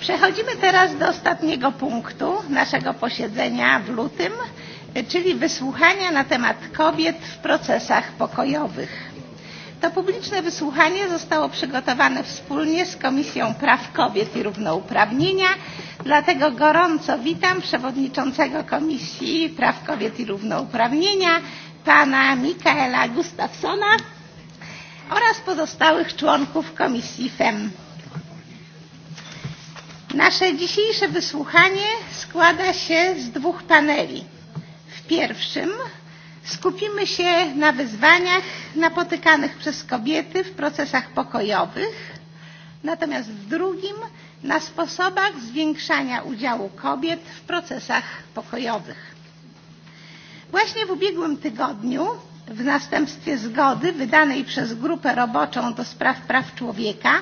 Przechodzimy teraz do ostatniego punktu naszego posiedzenia w lutym, czyli wysłuchania na temat kobiet w procesach pokojowych. To publiczne wysłuchanie zostało przygotowane wspólnie z Komisją Praw Kobiet i Równouprawnienia, dlatego gorąco witam przewodniczącego Komisji Praw Kobiet i Równouprawnienia, pana Mikaela Gustafsona oraz pozostałych członków Komisji FEM. Nasze dzisiejsze wysłuchanie składa się z dwóch paneli. W pierwszym skupimy się na wyzwaniach napotykanych przez kobiety w procesach pokojowych, natomiast w drugim na sposobach zwiększania udziału kobiet w procesach pokojowych. Właśnie w ubiegłym tygodniu w następstwie zgody wydanej przez Grupę Roboczą do Spraw Praw Człowieka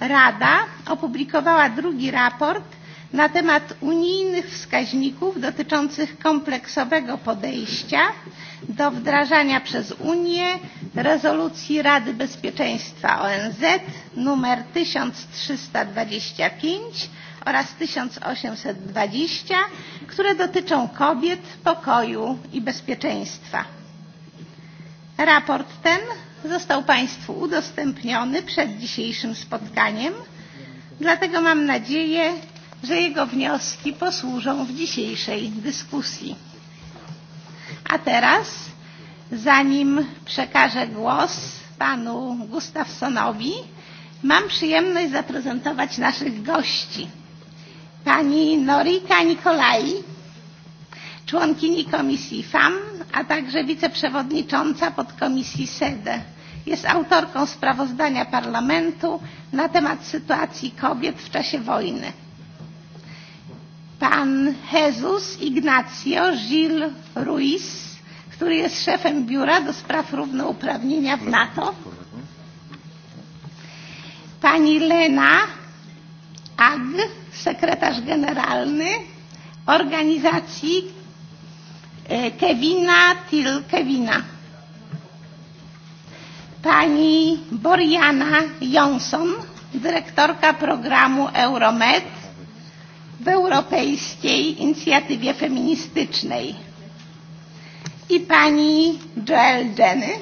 Rada opublikowała drugi raport na temat unijnych wskaźników dotyczących kompleksowego podejścia do wdrażania przez Unię rezolucji Rady Bezpieczeństwa ONZ nr 1325 oraz 1820, które dotyczą kobiet, pokoju i bezpieczeństwa. Raport ten został Państwu udostępniony przed dzisiejszym spotkaniem, dlatego mam nadzieję, że jego wnioski posłużą w dzisiejszej dyskusji. A teraz, zanim przekażę głos panu Gustafsonowi, mam przyjemność zaprezentować naszych gości. Pani Norika Nikolai członkini Komisji FAM, a także wiceprzewodnicząca podkomisji SEDE. Jest autorką sprawozdania Parlamentu na temat sytuacji kobiet w czasie wojny. Pan Jesus Ignacio Gil Ruiz, który jest szefem Biura do Spraw Równouprawnienia w NATO. Pani Lena Ag, sekretarz generalny organizacji Kevina Kevina, pani Boriana Johnson, dyrektorka programu Euromed w Europejskiej Inicjatywie Feministycznej i pani Joel Jenny,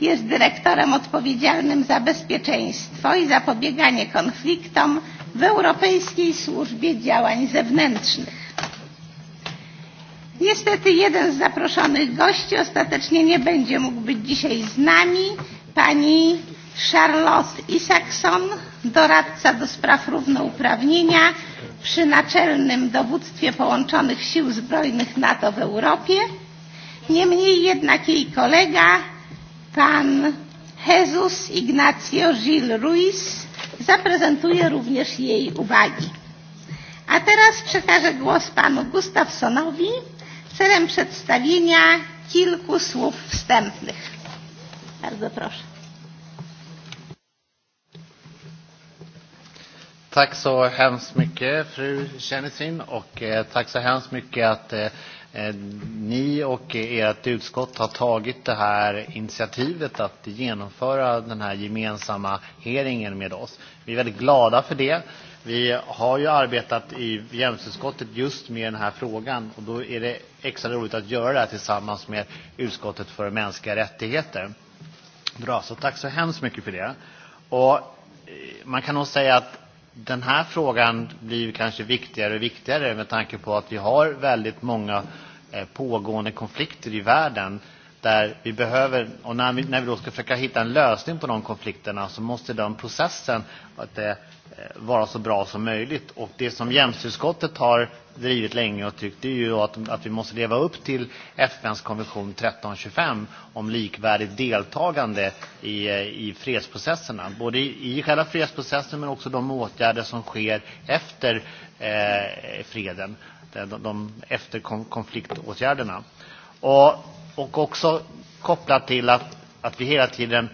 jest dyrektorem odpowiedzialnym za bezpieczeństwo i zapobieganie konfliktom w Europejskiej Służbie Działań Zewnętrznych. Niestety jeden z zaproszonych gości ostatecznie nie będzie mógł być dzisiaj z nami. Pani Charlotte Isakson, doradca do spraw równouprawnienia przy Naczelnym Dowództwie Połączonych Sił Zbrojnych NATO w Europie. Niemniej jednak jej kolega, pan Jesus Ignacio Gil Ruiz, zaprezentuje również jej uwagi. A teraz przekażę głos panu Gustafsonowi, celem przedstawienia kilku słów wstępnych. Bardzo proszę. Tack så hemskt mycket fru Kennesin och tack så hemskt mycket att ni och ert utskott har tagit det här initiativet att genomföra den här gemensamma heringen med oss. Vi är väldigt glada för det. Vi har ju arbetat i jämställdhetsutskottet just med den här frågan och då är det extra roligt att göra det här tillsammans med utskottet för mänskliga rättigheter. Bra, så tack så hemskt mycket för det. Och man kan nog säga att den här frågan blir kanske viktigare och viktigare med tanke på att vi har väldigt många pågående konflikter i världen där vi behöver, och när vi, när vi då ska försöka hitta en lösning på de konflikterna så måste den processen att det vara så bra som möjligt. Och det som jämställdhetsutskottet har drivit länge och tyckt är ju att, att vi måste leva upp till FNs konvention 1325 om likvärdigt deltagande i, i fredsprocesserna. Både i, i själva fredsprocessen men också de åtgärder som sker efter eh, freden. De, de efter konfliktåtgärderna. Och, och också kopplat till att, att vi hela tiden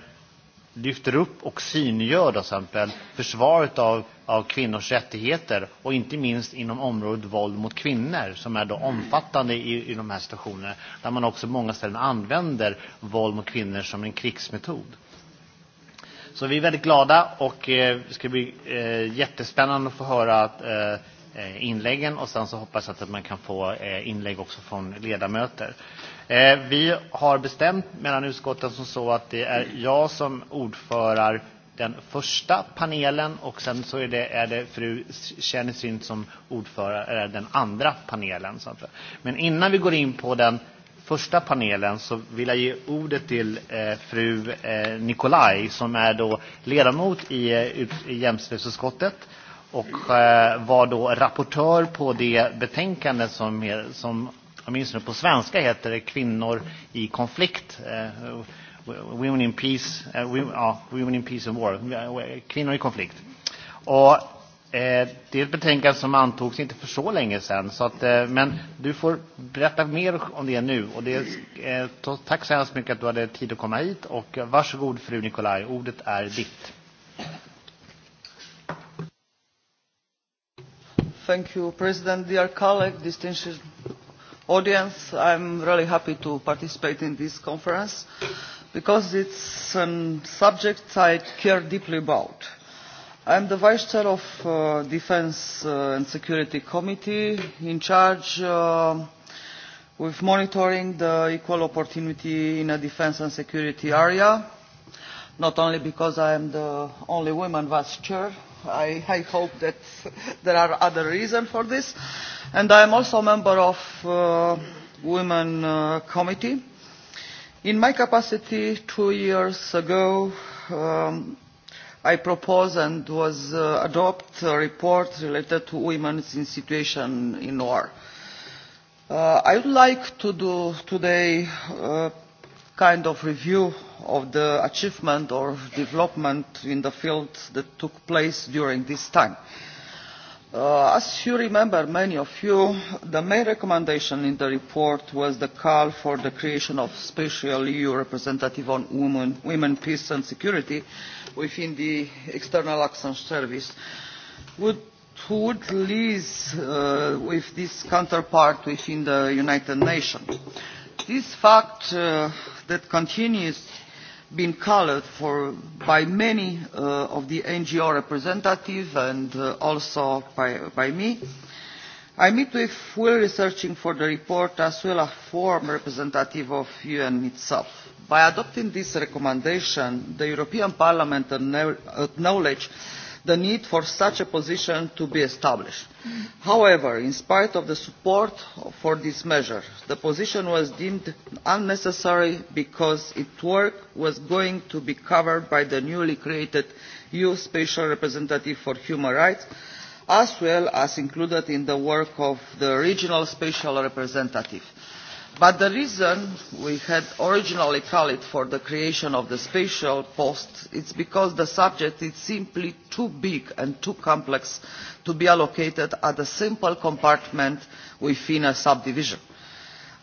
lyfter upp och synliggör till exempel försvaret av, av kvinnors rättigheter och inte minst inom området våld mot kvinnor som är då omfattande i, i de här situationerna där man också många ställen använder våld mot kvinnor som en krigsmetod. Så vi är väldigt glada och eh, ska bli eh, jättespännande att få höra att, eh, inläggen och sen så hoppas jag att man kan få inlägg också från ledamöter. Vi har bestämt mellan utskotten som så att det är jag som ordförar den första panelen och sen så är det, är det fru Tjärnesyn som ordförar den andra panelen. Men innan vi går in på den första panelen så vill jag ge ordet till fru Nikolaj som är då ledamot i jämställdhetsutskottet och var då rapportör på det betänkande som åtminstone på svenska heter det kvinnor i konflikt. Women in Peace, uh, Women in Peace and War, kvinnor i konflikt. Och det är ett betänkande som antogs inte för så länge sedan. Så att, men du får berätta mer om det nu. Och det, tack så hemskt mycket att du hade tid att komma hit. Och varsågod fru Nikolaj, ordet är ditt. Thank you, President, dear colleague, distinguished audience. I'm really happy to participate in this conference because it's a subject I care deeply about. I am the Vice Chair of Defence and Security Committee in charge of monitoring the equal opportunity in a defence and security area, not only because I am the only woman Vice Chair I hope that there are other reasons for this. And I am also a member of the Women Committee. In my capacity two years ago, I proposed and was adopted a report related to women's situation in war. I would like to do today a kind of review of the achievement or development in the field that took place during this time. As you remember, many of you, the main recommendation in the report was the call for the creation of special EU representative on women, peace and security within the External Action Service, who would liaise with this counterpart within the United Nations. This fact that continues been called for by many of the NGO representatives and also by me. I meet with Will researching for the report as well as former representative of UN itself. By adopting this recommendation, the European Parliament acknowledges the need for such a position to be established. However, in spite of the support for this measure, the position was deemed unnecessary because its work was going to be covered by the newly created EU Special Representative for Human Rights, as well as included in the work of the Regional Special Representative. But the reason we had originally called for the creation of the spatial post is because the subject is simply too big and too complex to be allocated at a simple compartment within a subdivision.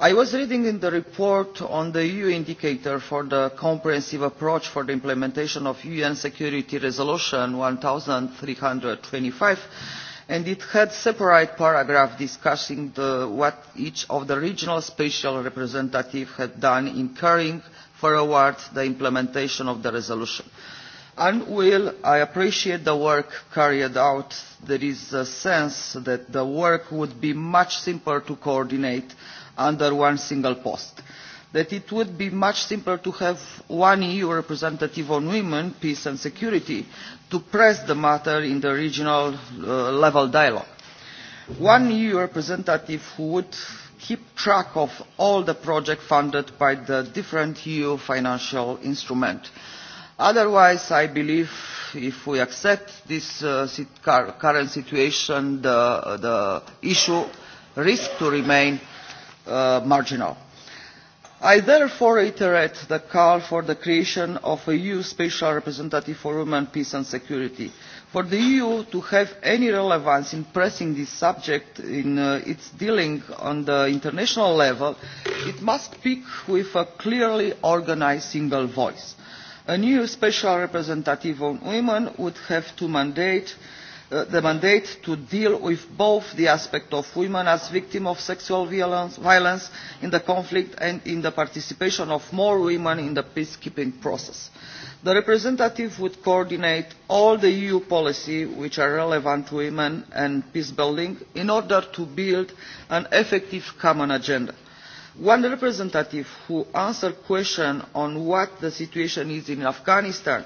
I was reading in the report on the EU indicator for the comprehensive approach for the implementation of UN Security Resolution 1325 and it had separate paragraph discussing what each of the regional special representatives had done in carrying forward the implementation of the resolution. And while I appreciate the work carried out, there is a sense that the work would be much simpler to coordinate under one single post that it would be much simpler to have one EU representative on women, peace and security to press the matter in the regional level dialogue. One EU representative who would keep track of all the projects funded by the different EU financial instruments. Otherwise, I believe if we accept this current situation, the issue risks to remain marginal. I therefore reiterate the call for the creation of a EU Special Representative for Women, Peace and Security. For the EU to have any relevance in pressing this subject in its dealing on the international level, it must speak with a clearly organised single voice. A new Special Representative on Women would have to mandate the mandate to deal with both the aspect of women as victims of sexual violence in the conflict and in the participation of more women in the peacekeeping process. The representative would coordinate all the EU policies which are relevant to women and peace building in order to build an effective common agenda. One representative who answered questions on what the situation is in Afghanistan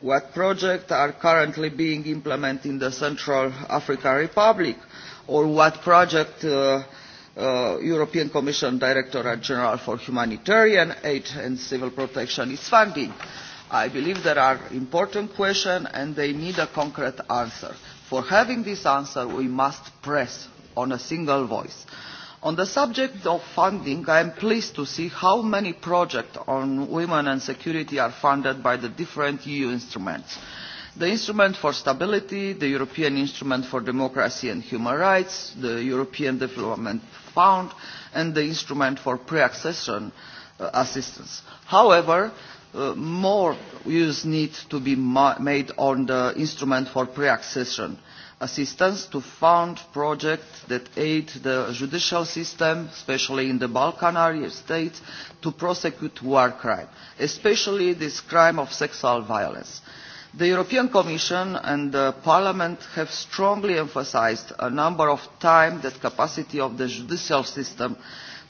What projects are currently being implemented in the Central African Republic, or what project European Commission Directorate General for Humanitarian Aid and Civil Protection is funding? I believe there are important questions and they need a concrete answer. For having this answer, we must press on a single voice. On the subject of funding, I am pleased to see how many projects on women and security are funded by the different EU instruments. The Instrument for Stability, the European Instrument for Democracy and Human Rights, the European Development Fund, and the Instrument for Pre-Accession Assistance. However, more use needs to be made on the Instrument for Pre-Accession assistance to fund projects that aid the judicial system, especially in the area states, to prosecute war crimes, especially this crime of sexual violence. The European Commission and Parliament have strongly emphasised a number of times the capacity of the judicial system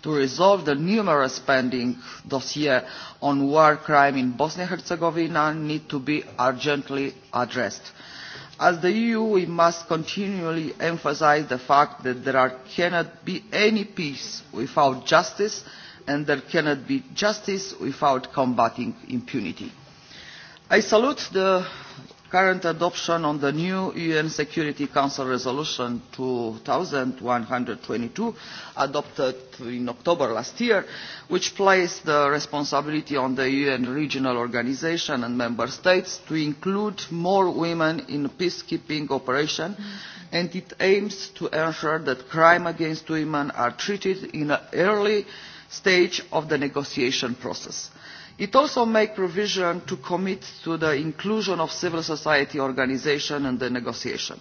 to resolve the numerous pending dossiers on war crime in Bosnia and Herzegovina need to be urgently addressed. As the EU, we must continually emphasise the fact that there cannot be any peace without justice and there cannot be justice without combating impunity. I salute the current adoption on the new UN Security Council Resolution 2122, adopted in October last year, which placed the responsibility on the UN regional organisation and member states to include more women in peacekeeping operations, and it aims to ensure that crime against women are treated in an early stage of the negotiation process. It also makes provision to commit to the inclusion of civil society organisation in the negotiation.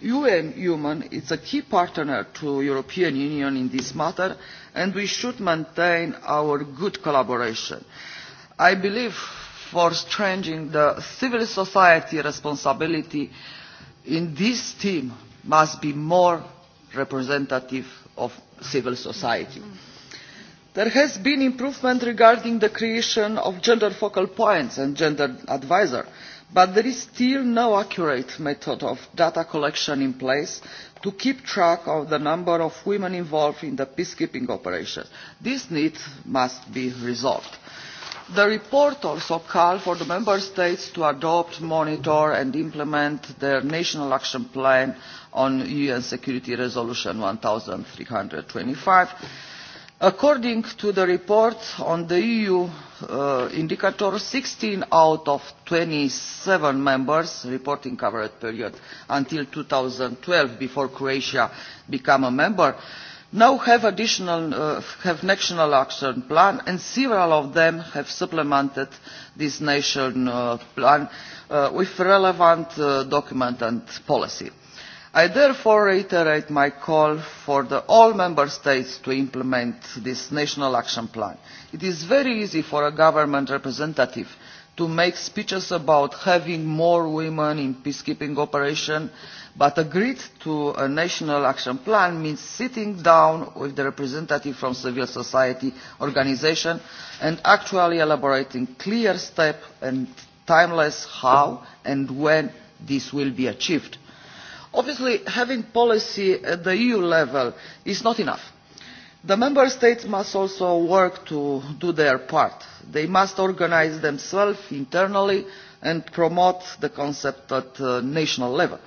UN Human is a key partner to the European Union in this matter and we should maintain our good collaboration. I believe for strengthening the civil society responsibility in this team must be more representative of civil society. There has been improvement regarding the creation of gender focal points and gender advisor, but there is still no accurate method of data collection in place to keep track of the number of women involved in the peacekeeping operations. This need must be resolved. The report also calls for the Member States to adopt, monitor and implement their National Action Plan on UN Security Resolution 1325 According to the report on the EU indicator, 16 out of 27 members reporting coverage period until 2012 before Croatia became a member now have additional have national action plan and several of them have supplemented this national plan with relevant document and policy. I therefore reiterate my call for all Member States to implement this National Action Plan. It is very easy for a government representative to make speeches about having more women in peacekeeping operations, but agreed to a National Action Plan means sitting down with the representative from civil society organisations and actually elaborating clear steps and timeless how and when this will be achieved Obviously, having policy at the EU level is not enough. The Member States must also work to do their part. They must organise themselves internally and promote the concept at national level.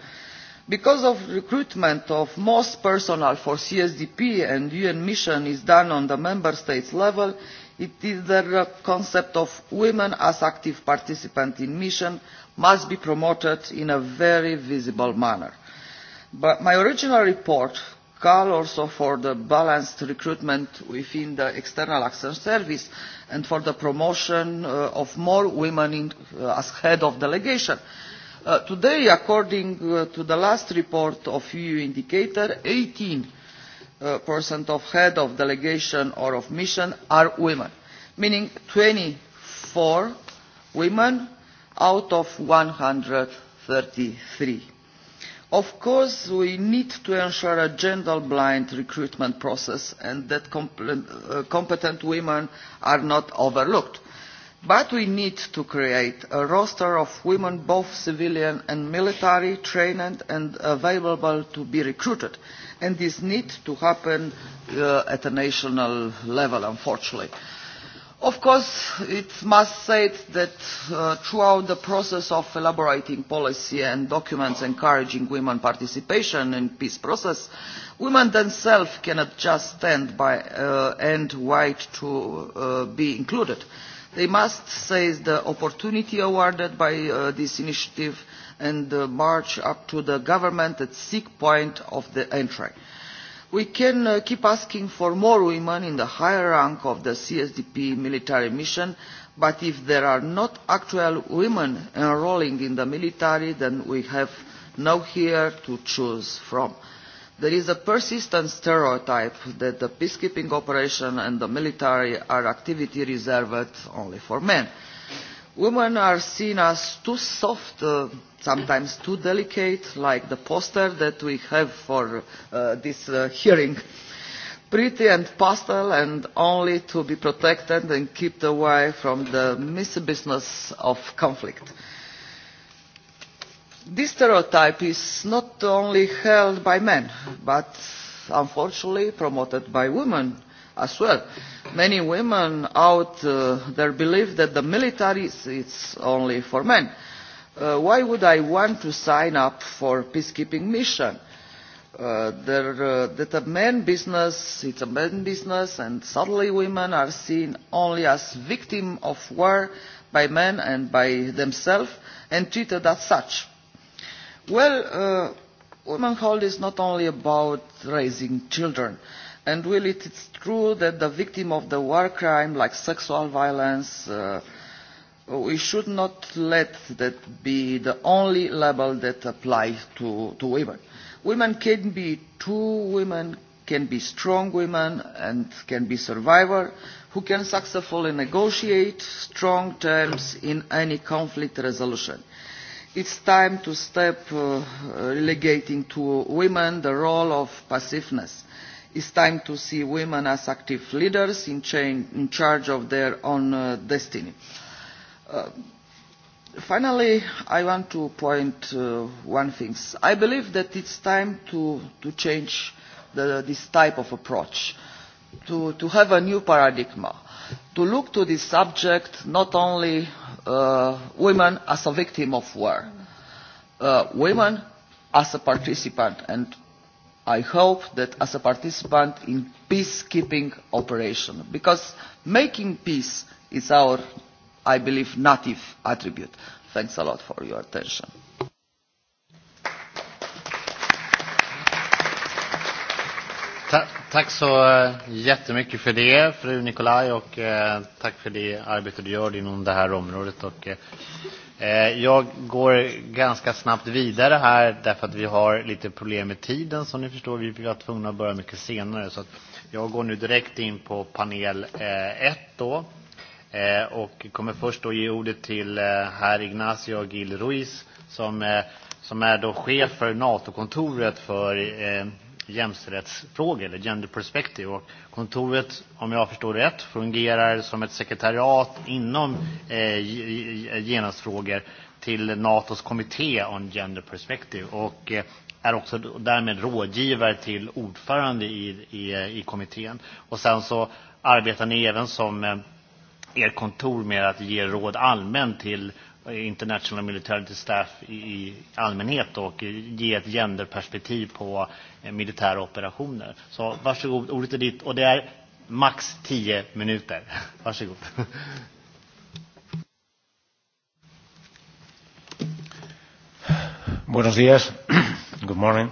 Because of recruitment of most personnel for CSDP and UN mission is done on the Member States level, it is the concept of women as active participants in mission must be promoted in a very visible manner. But my original report called also for the balanced recruitment within the External Action Service and for the promotion of more women as head of delegation. Today, according to the last report of EU indicator, 18 percent of head of delegation or of mission are women, meaning 24 women out of 133. Of course, we need to ensure a gender-blind recruitment process and that competent women are not overlooked. But we need to create a roster of women, both civilian and military, trained and available to be recruited. And this needs to happen at a national level, unfortunately. Of course, it must say that throughout the process of elaborating policy and documents encouraging women participation in peace process, women themselves cannot just stand by and wait to be included. They must seize the opportunity awarded by this initiative and march up to the government at the sick point of the entry. We can keep asking for more women in the higher rank of the CSDP military mission, but if there are not actual women enrolling in the military, then we have no here to choose from. There is a persistent stereotype that the peacekeeping operation and the military are activity reserved only for men. Women are seen as too soft, sometimes too delicate, like the poster that we have for this hearing. Pretty and pastel and only to be protected and kept away from the misbusiness of conflict. This stereotype is not only held by men, but unfortunately promoted by women as well. Many women out their belief that the military is only for men. Why would I want to sign up for peacekeeping mission? That a man business, it's a men business, and suddenly women are seen only as victim of war by men and by themselves and treated as such. Well, womanhood is not only about raising children and will it is true that the victim of the war crime like sexual violence we should not let that be the only label that applies to women. women can be two women can be strong women and can be survivors who can successfully negotiate strong terms in any conflict resolution. It's time to stop relegating to women the role of passiveness It's time to see women as active leaders in charge of their own destiny. Finally, I want to point one thing. I believe that it's time to change this type of approach, to have a new paradigm, to look to this subject not only women as a victim of war, women as a participant and I hope that as a participant in peacekeeping operation, because making peace is our, I believe, native attribute. Thanks a lot for your attention. Tack så jättemycket för det, fru Nikolaj, och tack för det arbete du gör inom det här området. Och Jag går ganska snabbt vidare här därför att vi har lite problem med tiden som ni förstår. Vi var tvungna att börja mycket senare så att jag går nu direkt in på panel 1 då. Och kommer först att ge ordet till herr Ignacio Gil Ruiz som, som är då chef för NATO-kontoret för jämställdhetsfrågor eller genderperspektiv och kontoret om jag förstår rätt fungerar som ett sekretariat inom genusfrågor till NATOs kommitté om gender perspective och är också därmed rådgivare till ordförande i, i, i kommittén. Och sen så arbetar ni även som er kontor med att ge råd allmänt till International Military staff i allmänhet och ge ett genderperspektiv på militära operationer. Så varsågod, ordet är ditt och det är max 10 minuter. Varsågod. Buenos días. Good morning.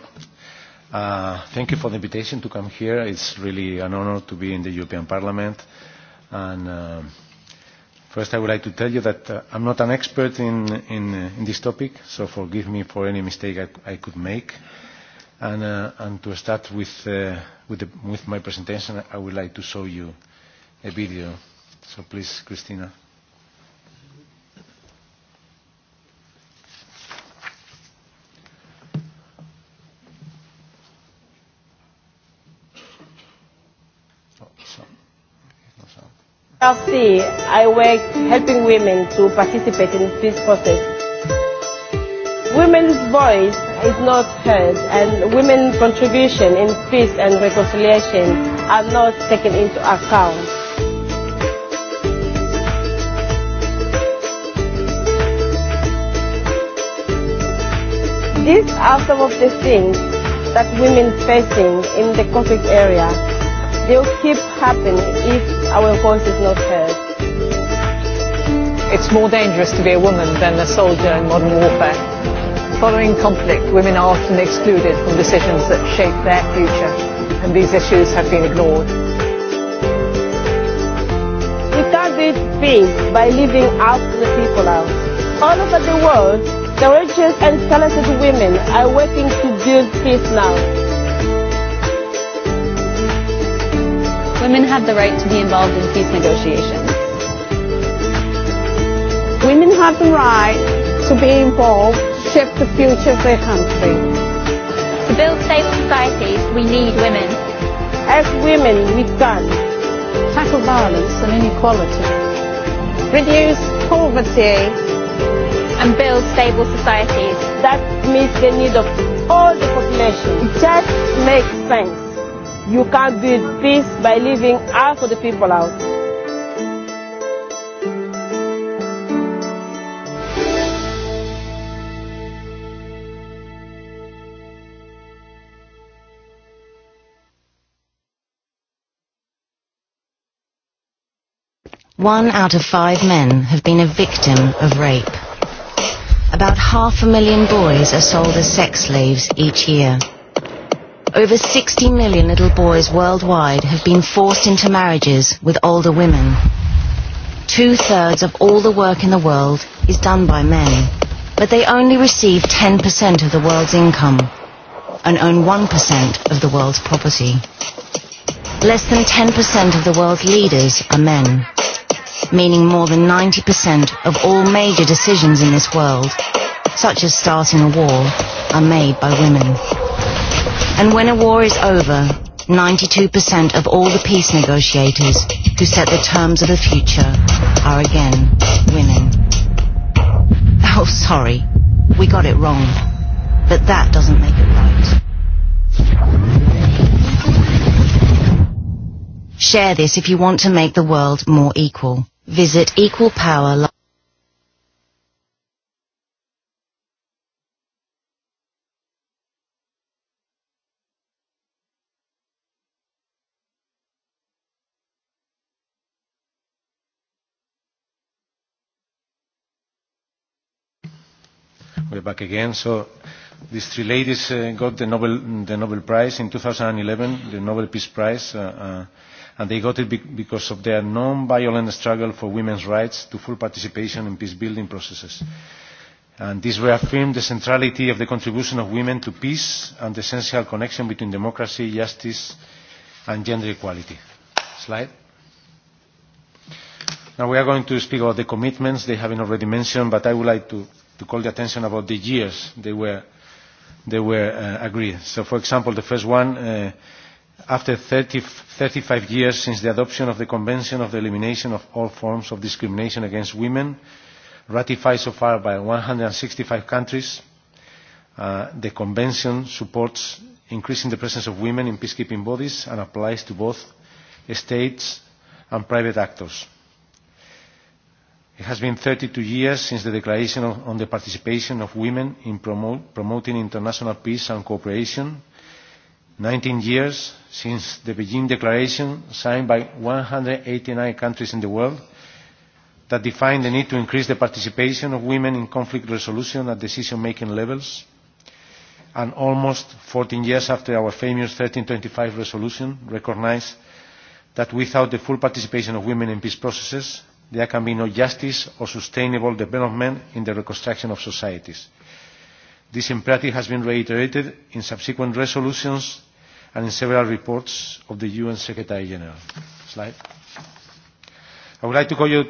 Uh, thank you for the invitation to come here. It's really an honor to be in the European Parliament. And First, I would like to tell you that I'm not an expert in this topic, so forgive me for any mistake I could make. And to start with my presentation, I would like to show you a video. So please, Christina. see I work helping women to participate in peace process. Women's voice is not heard and women's contribution in peace and reconciliation are not taken into account. These are some of the things that women facing in the conflict area. They will keep happening if our voice is not heard. It's more dangerous to be a woman than a soldier in modern warfare. Following conflict, women are often excluded from decisions that shape their future, and these issues have been ignored. We can't build peace by leaving out the people out. All over the world, the richest and talented women are working to build peace now. women have the right to be involved in peace negotiations. Women have the right to be involved, shape the future of their country. To build safe societies, we need women. As women, we can tackle violence and inequality, reduce poverty, and build stable societies. That meets the need of all the population. It just makes sense. You can't build peace by leaving half of the people out. One out of five men have been a victim of rape. About half a million boys are sold as sex slaves each year. Over 60 million little boys worldwide have been forced into marriages with older women. Two-thirds of all the work in the world is done by men, but they only receive 10% of the world's income and own 1% of the world's property. Less than 10% of the world's leaders are men, meaning more than 90% of all major decisions in this world, such as starting a war, are made by women. And when a war is over, 92% of all the peace negotiators who set the terms of the future are again women. Oh, sorry. We got it wrong. But that doesn't make it right. Share this if you want to make the world more equal. Visit Equal Power. We're back again. So these three ladies got the Nobel, the Nobel Prize in 2011, the Nobel Peace Prize, and they got it because of their non-violent struggle for women's rights to full participation in peace-building processes. And this reaffirmed the centrality of the contribution of women to peace and the essential connection between democracy, justice, and gender equality. Slide. Now we are going to speak about the commitments they have already mentioned, but I would like to to call the attention about the years they were agreed. So, for example, the first one, after 35 years since the adoption of the Convention of the Elimination of All Forms of Discrimination Against Women, ratified so far by 165 countries, the Convention supports increasing the presence of women in peacekeeping bodies and applies to both states and private actors. It has been 32 years since the Declaration on the Participation of Women in Promoting International Peace and Cooperation, 19 years since the Beijing Declaration, signed by 189 countries in the world, that defined the need to increase the participation of women in conflict resolution at decision-making levels, and almost 14 years after our famous 1325 resolution recognized that without the full participation of women in peace processes, there can be no justice or sustainable development in the reconstruction of societies. This imperative has been reiterated in subsequent resolutions and in several reports of the UN Secretary General. Slide. I would like to call, you,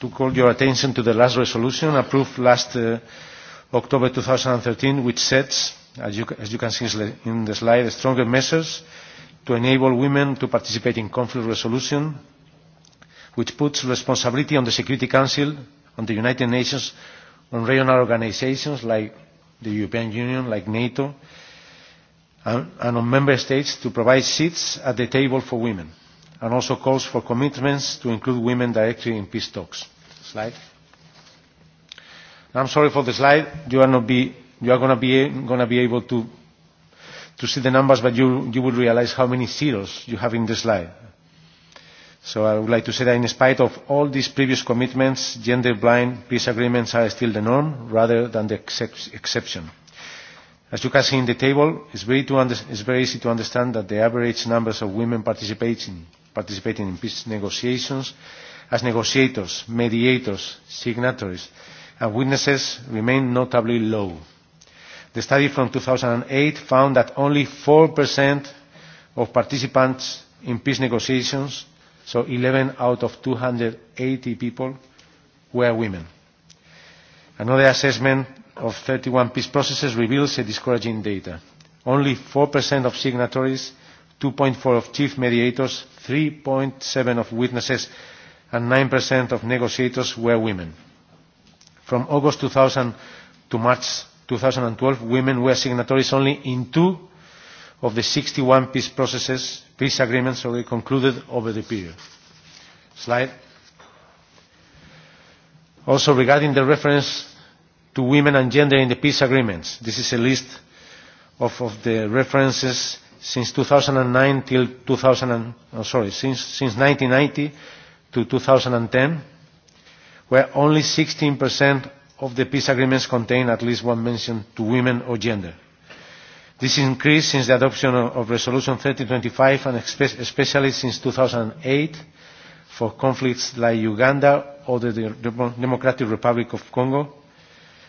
to call your attention to the last resolution approved last October 2013, which sets, as you, as you can see in the slide, stronger measures to enable women to participate in conflict resolution which puts responsibility on the Security Council, on the United Nations, on regional organizations like the European Union, like NATO, and on member states to provide seats at the table for women, and also calls for commitments to include women directly in peace talks. Slide. I'm sorry for the slide. You are not be you are going to be going to be able to to see the numbers, but you you will realize how many zeros you have in the slide. So I would like to say that in spite of all these previous commitments, gender-blind peace agreements are still the norm rather than the exception. As you can see in the table, is very easy to understand that the average numbers of women participating in peace negotiations as negotiators, mediators, signatories and witnesses remain notably low. The study from 2008 found that only 4% of participants in peace negotiations So 11 out of 280 people were women. Another assessment of 31 peace processes reveals a discouraging data. Only 4% of signatories, 2.4% of chief mediators, 3.7% of witnesses, and 9% of negotiators were women. From August 2000 to March 2012, women were signatories only in two of the 61 peace processes, peace agreements already concluded over the period. Slide. Also regarding the reference to women and gender in the peace agreements, this is a list of, the references since 2009 till 2000, oh, sorry, since, since 1990 to 2010, where only 16% of the peace agreements contain at least one mention to women or gender. This increased since the adoption of Resolution 3025 and especially since 2008 for conflicts like Uganda or the Democratic Republic of Congo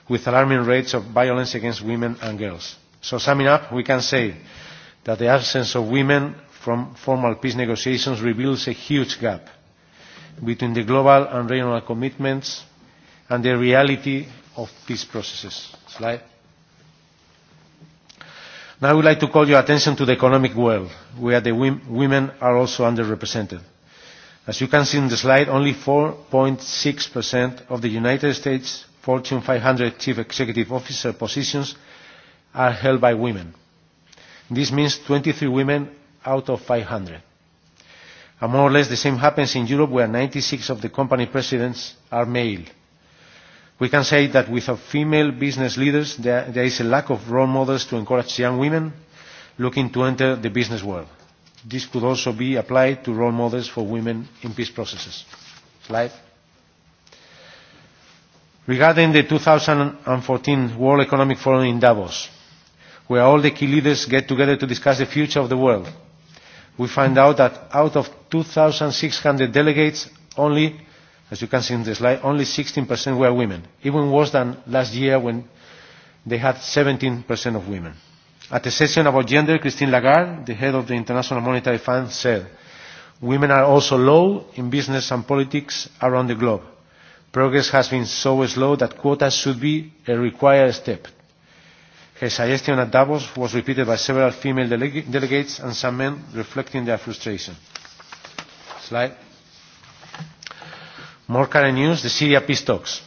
with alarming rates of violence against women and girls. So summing up, we can say that the absence of women from formal peace negotiations reveals a huge gap between the global and regional commitments and the reality of peace processes. Slide. Now I would like to call your attention to the economic world, where the women are also underrepresented. As you can see in the slide, only 4.6% of the United States Fortune 500 chief executive officer positions are held by women. This means 23 women out of 500. And more or less the same happens in Europe, where 96 of the company presidents are male. We can say that without female business leaders, there is a lack of role models to encourage young women looking to enter the business world. This could also be applied to role models for women in peace processes. Slide. Regarding the 2014 World Economic Forum in Davos, where all the key leaders get together to discuss the future of the world, we find out that out of 2,600 delegates, only As you can see in the slide, only 16% were women, even worse than last year when they had 17% of women. At a session about gender, Christine Lagarde, the head of the International Monetary Fund, said, Women are also low in business and politics around the globe. Progress has been so slow that quotas should be a required step. Her suggestion at Davos was repeated by several female delegates and some men reflecting their frustration. Slide. More current news, the Syria peace talks.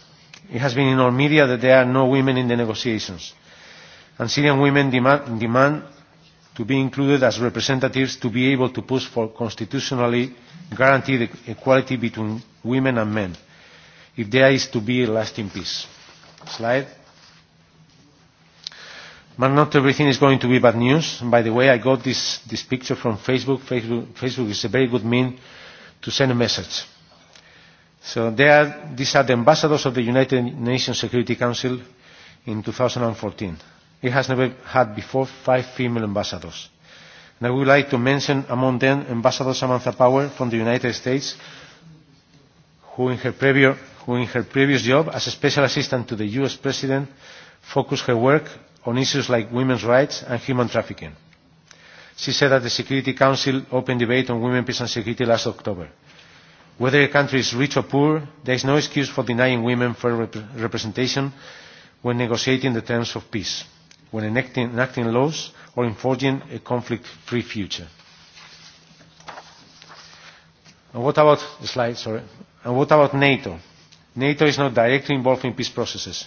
It has been in all media that there are no women in the negotiations. And Syrian women demand, to be included as representatives to be able to push for constitutionally guaranteed equality between women and men, if there is to be lasting peace. Slide. But not everything is going to be bad news. By the way, I got this, this picture from Facebook. Facebook. Facebook is a very good mean to send a message. So they are, these are the ambassadors of the United Nations Security Council in 2014. It has never had before five female ambassadors. And I would like to mention among them Ambassador Samantha Power from the United States, who in her previous, who in her previous job as a special assistant to the US President focused her work on issues like women's rights and human trafficking. She said at the Security Council open debate on women, peace and security last October Whether a country is rich or poor, there is no excuse for denying women fair representation when negotiating the terms of peace, when enacting laws or in forging a conflict-free future. And what about sorry. And what about NATO? NATO is not directly involved in peace processes.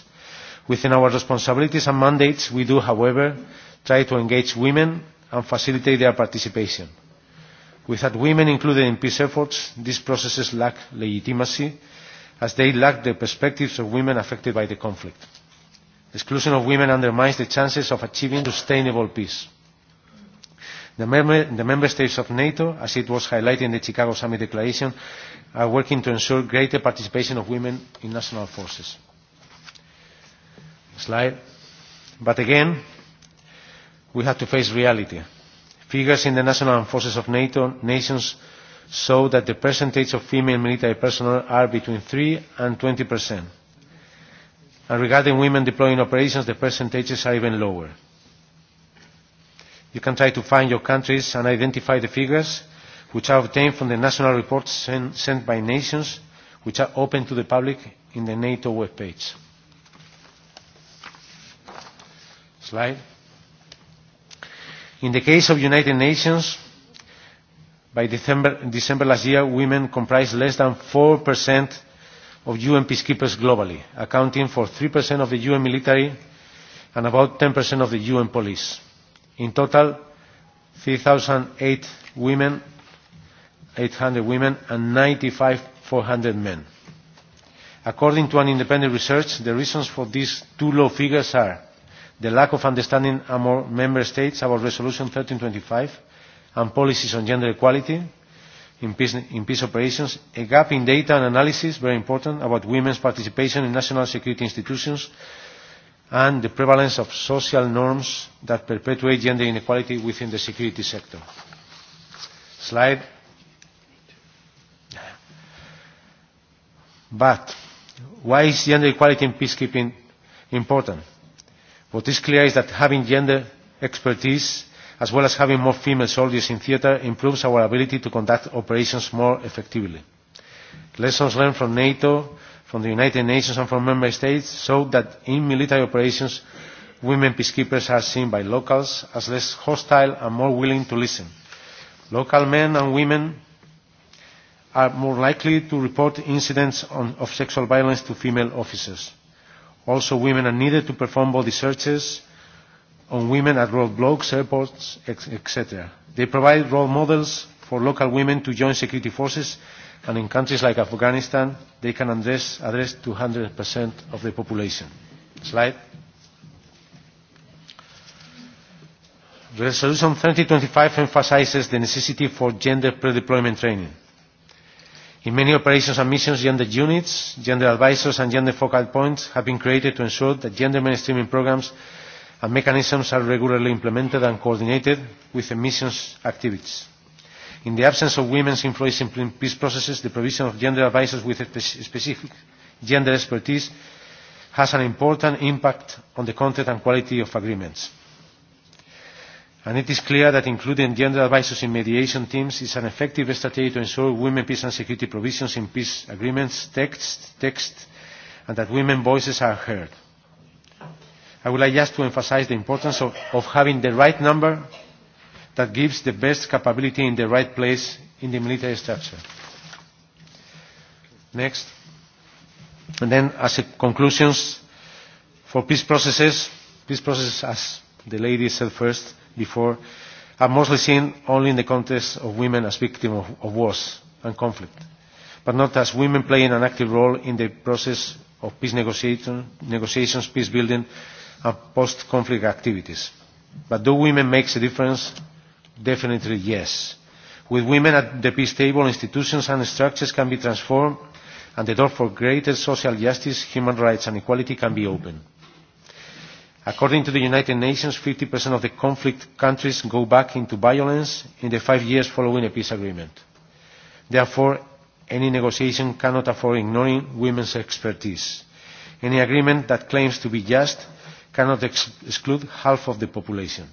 Within our responsibilities and mandates, we do, however, try to engage women and facilitate their participation. Without women included in peace efforts. These processes lack legitimacy as they lack the perspectives of women affected by the conflict. Exclusion of women undermines the chances of achieving sustainable peace. The member states of NATO, as it was highlighted in the Chicago Summit Declaration, are working to ensure greater participation of women in national forces. Slide. But again, we have to face reality. Figures in the national forces of NATO nations show that the percentage of female military personnel are between 3 and 20 percent. And regarding women deploying operations, the percentages are even lower. You can try to find your countries and identify the figures which are obtained from the national reports sent by nations which are open to the public in the NATO webpage. Slide. In the case of United Nations, by December last year, women comprised less than 4% of UN peacekeepers globally, accounting for 3% of the UN military and about 10% of the UN police. In total, eight women, 800 women and 95,400 men. According to an independent research, the reasons for these two low figures are the lack of understanding among member states about Resolution 1325 and policies on gender equality in peace operations, a gap in data and analysis, very important, about women's participation in national security institutions, and the prevalence of social norms that perpetuate gender inequality within the security sector. Slide. But why is gender equality in peacekeeping important? What is clear is that having gender expertise as well as having more female soldiers in theatre improves our ability to conduct operations more effectively. Lessons learned from NATO, from the United Nations and from Member States show that in military operations women peacekeepers are seen by locals as less hostile and more willing to listen. Local men and women are more likely to report incidents of sexual violence to female officers. Also, women are needed to perform body searches on women at roadblocks, airports, etc. They provide role models for local women to join security forces, and in countries like Afghanistan, they can address 200% of the population. Slide. Resolution 3025 emphasizes the necessity for gender pre-deployment training. In many operations and missions, gender units, gender advisors and gender focal points have been created to ensure that gender mainstreaming programmes and mechanisms are regularly implemented and coordinated with the missions' activities. In the absence of women's influence in peace processes, the provision of gender advisors with specific gender expertise has an important impact on the content and quality of agreements and it is clear that including gender advisors in mediation teams is an effective strategy to ensure women peace and security provisions in peace agreements text, text and that women's voices are heard. I would like just to emphasize the importance of, having the right number that gives the best capability in the right place in the military structure. Next. And then as a conclusions for peace processes, peace processes as the lady said first, before, are mostly seen only in the context of women as victims of wars and conflict, but not as women playing an active role in the process of peace negotiations, peace building and post-conflict activities. But do women make a difference? Definitely yes. With women at the peace table, institutions and structures can be transformed and the door for greater social justice, human rights and equality can be opened. According to the United Nations, 50% of the conflict countries go back into violence in the five years following a peace agreement. Therefore, any negotiation cannot afford ignoring women's expertise. Any agreement that claims to be just cannot exclude half of the population.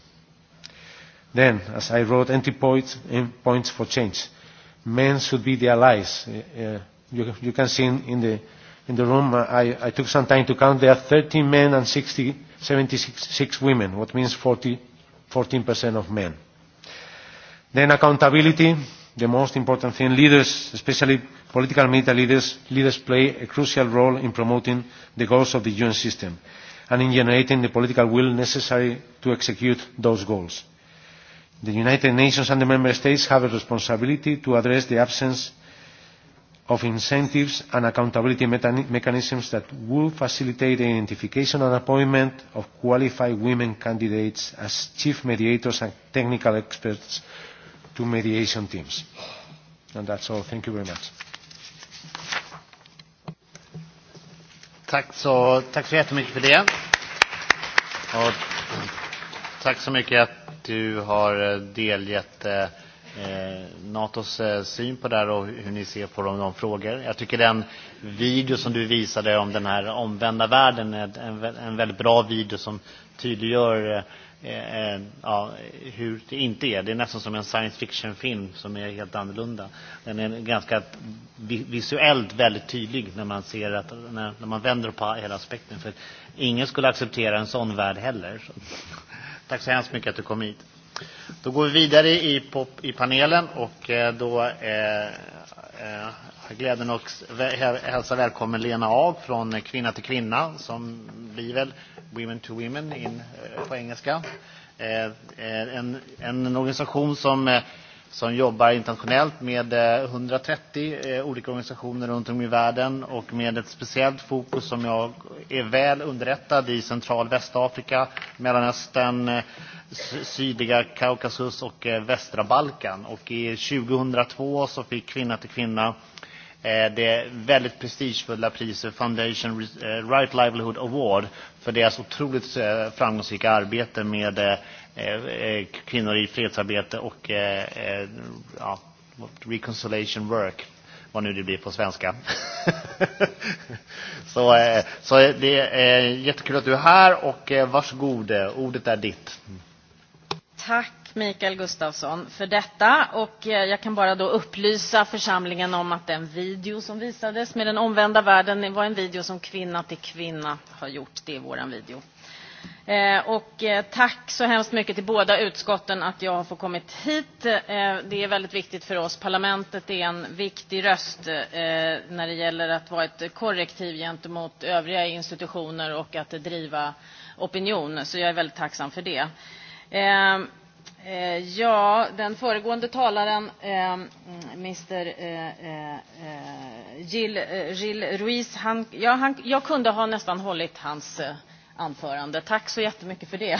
Then, as I wrote, anti points for change. Men should be the allies. You can see in the room, I took some time to count, there are 13 men and 60 76 women, what means 14% of men. Then accountability, the most important thing. Leaders, especially political and military leaders, leaders play a crucial role in promoting the goals of the UN system and in generating the political will necessary to execute those goals. The United Nations and the Member States have a responsibility to address the absence of incentives and accountability mechanisms that will facilitate the identification and appointment of qualified women candidates as chief mediators and technical experts to mediation teams. And that's all. Thank you very much. Tack så, tack så för det. Och tack så mycket att du har NATOs syn på det här och hur ni ser på de frågor. Jag tycker den video som du visade om den här omvända världen är en väldigt bra video som tydliggör ja, hur det inte är. Det är nästan som en science fiction-film som är helt annorlunda. Den är ganska visuellt väldigt tydlig när man ser att när, när man vänder på hela aspekten. För ingen skulle acceptera en sån värld heller. Tack så hemskt mycket att du kom hit. Då går vi vidare i, i panelen och då eh, eh, glädjen att hälsa välkommen Lena av från Kvinna till kvinna som blir väl Women to Women in, på engelska. Eh, en, en organisation som som jobbar internationellt med 130 olika organisationer runt om i världen och med ett speciellt fokus som jag är väl underrättad i central Västafrika, Mellanöstern, sydliga Kaukasus och västra Balkan. Och i 2002 så fick Kvinna till Kvinna det väldigt prestigefulla priset Foundation Right Livelihood Award för deras otroligt framgångsrika arbete med kvinnor i fredsarbete och ja, reconciliation work vad nu det blir på svenska. så, så det är jättekul att du är här och varsågod, ordet är ditt. Tack Mikael Gustafsson för detta och jag kan bara då upplysa församlingen om att den video som visades med den omvända världen var en video som Kvinna till kvinna har gjort. Det är våran video. Och tack så hemskt mycket till båda utskotten att jag har fått kommit hit. Det är väldigt viktigt för oss. Parlamentet är en viktig röst när det gäller att vara ett korrektiv gentemot övriga institutioner och att driva opinion. Så jag är väldigt tacksam för det. Ja, den föregående talaren, Mr. Gil Ruiz, jag kunde ha nästan hållit hans anförande. Tack så jättemycket för det.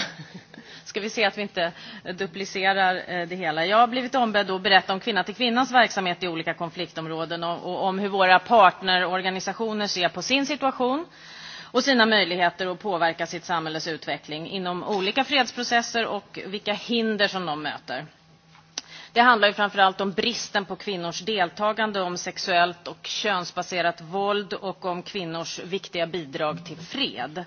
Ska vi se att vi inte duplicerar det hela. Jag har blivit ombedd att berätta om kvinna till kvinnans verksamhet i olika konfliktområden och om hur våra partnerorganisationer ser på sin situation och sina möjligheter att påverka sitt samhälles utveckling inom olika fredsprocesser och vilka hinder som de möter. Det handlar ju framförallt om bristen på kvinnors deltagande, om sexuellt och könsbaserat våld och om kvinnors viktiga bidrag till fred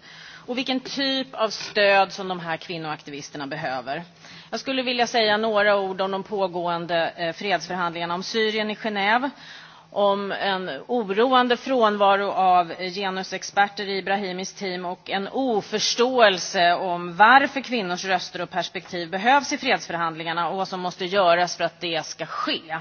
och vilken typ av stöd som de här kvinnoaktivisterna behöver. Jag skulle vilja säga några ord om de pågående fredsförhandlingarna om Syrien i Genève, om en oroande frånvaro av genusexperter i Ibrahimis team och en oförståelse om varför kvinnors röster och perspektiv behövs i fredsförhandlingarna och vad som måste göras för att det ska ske.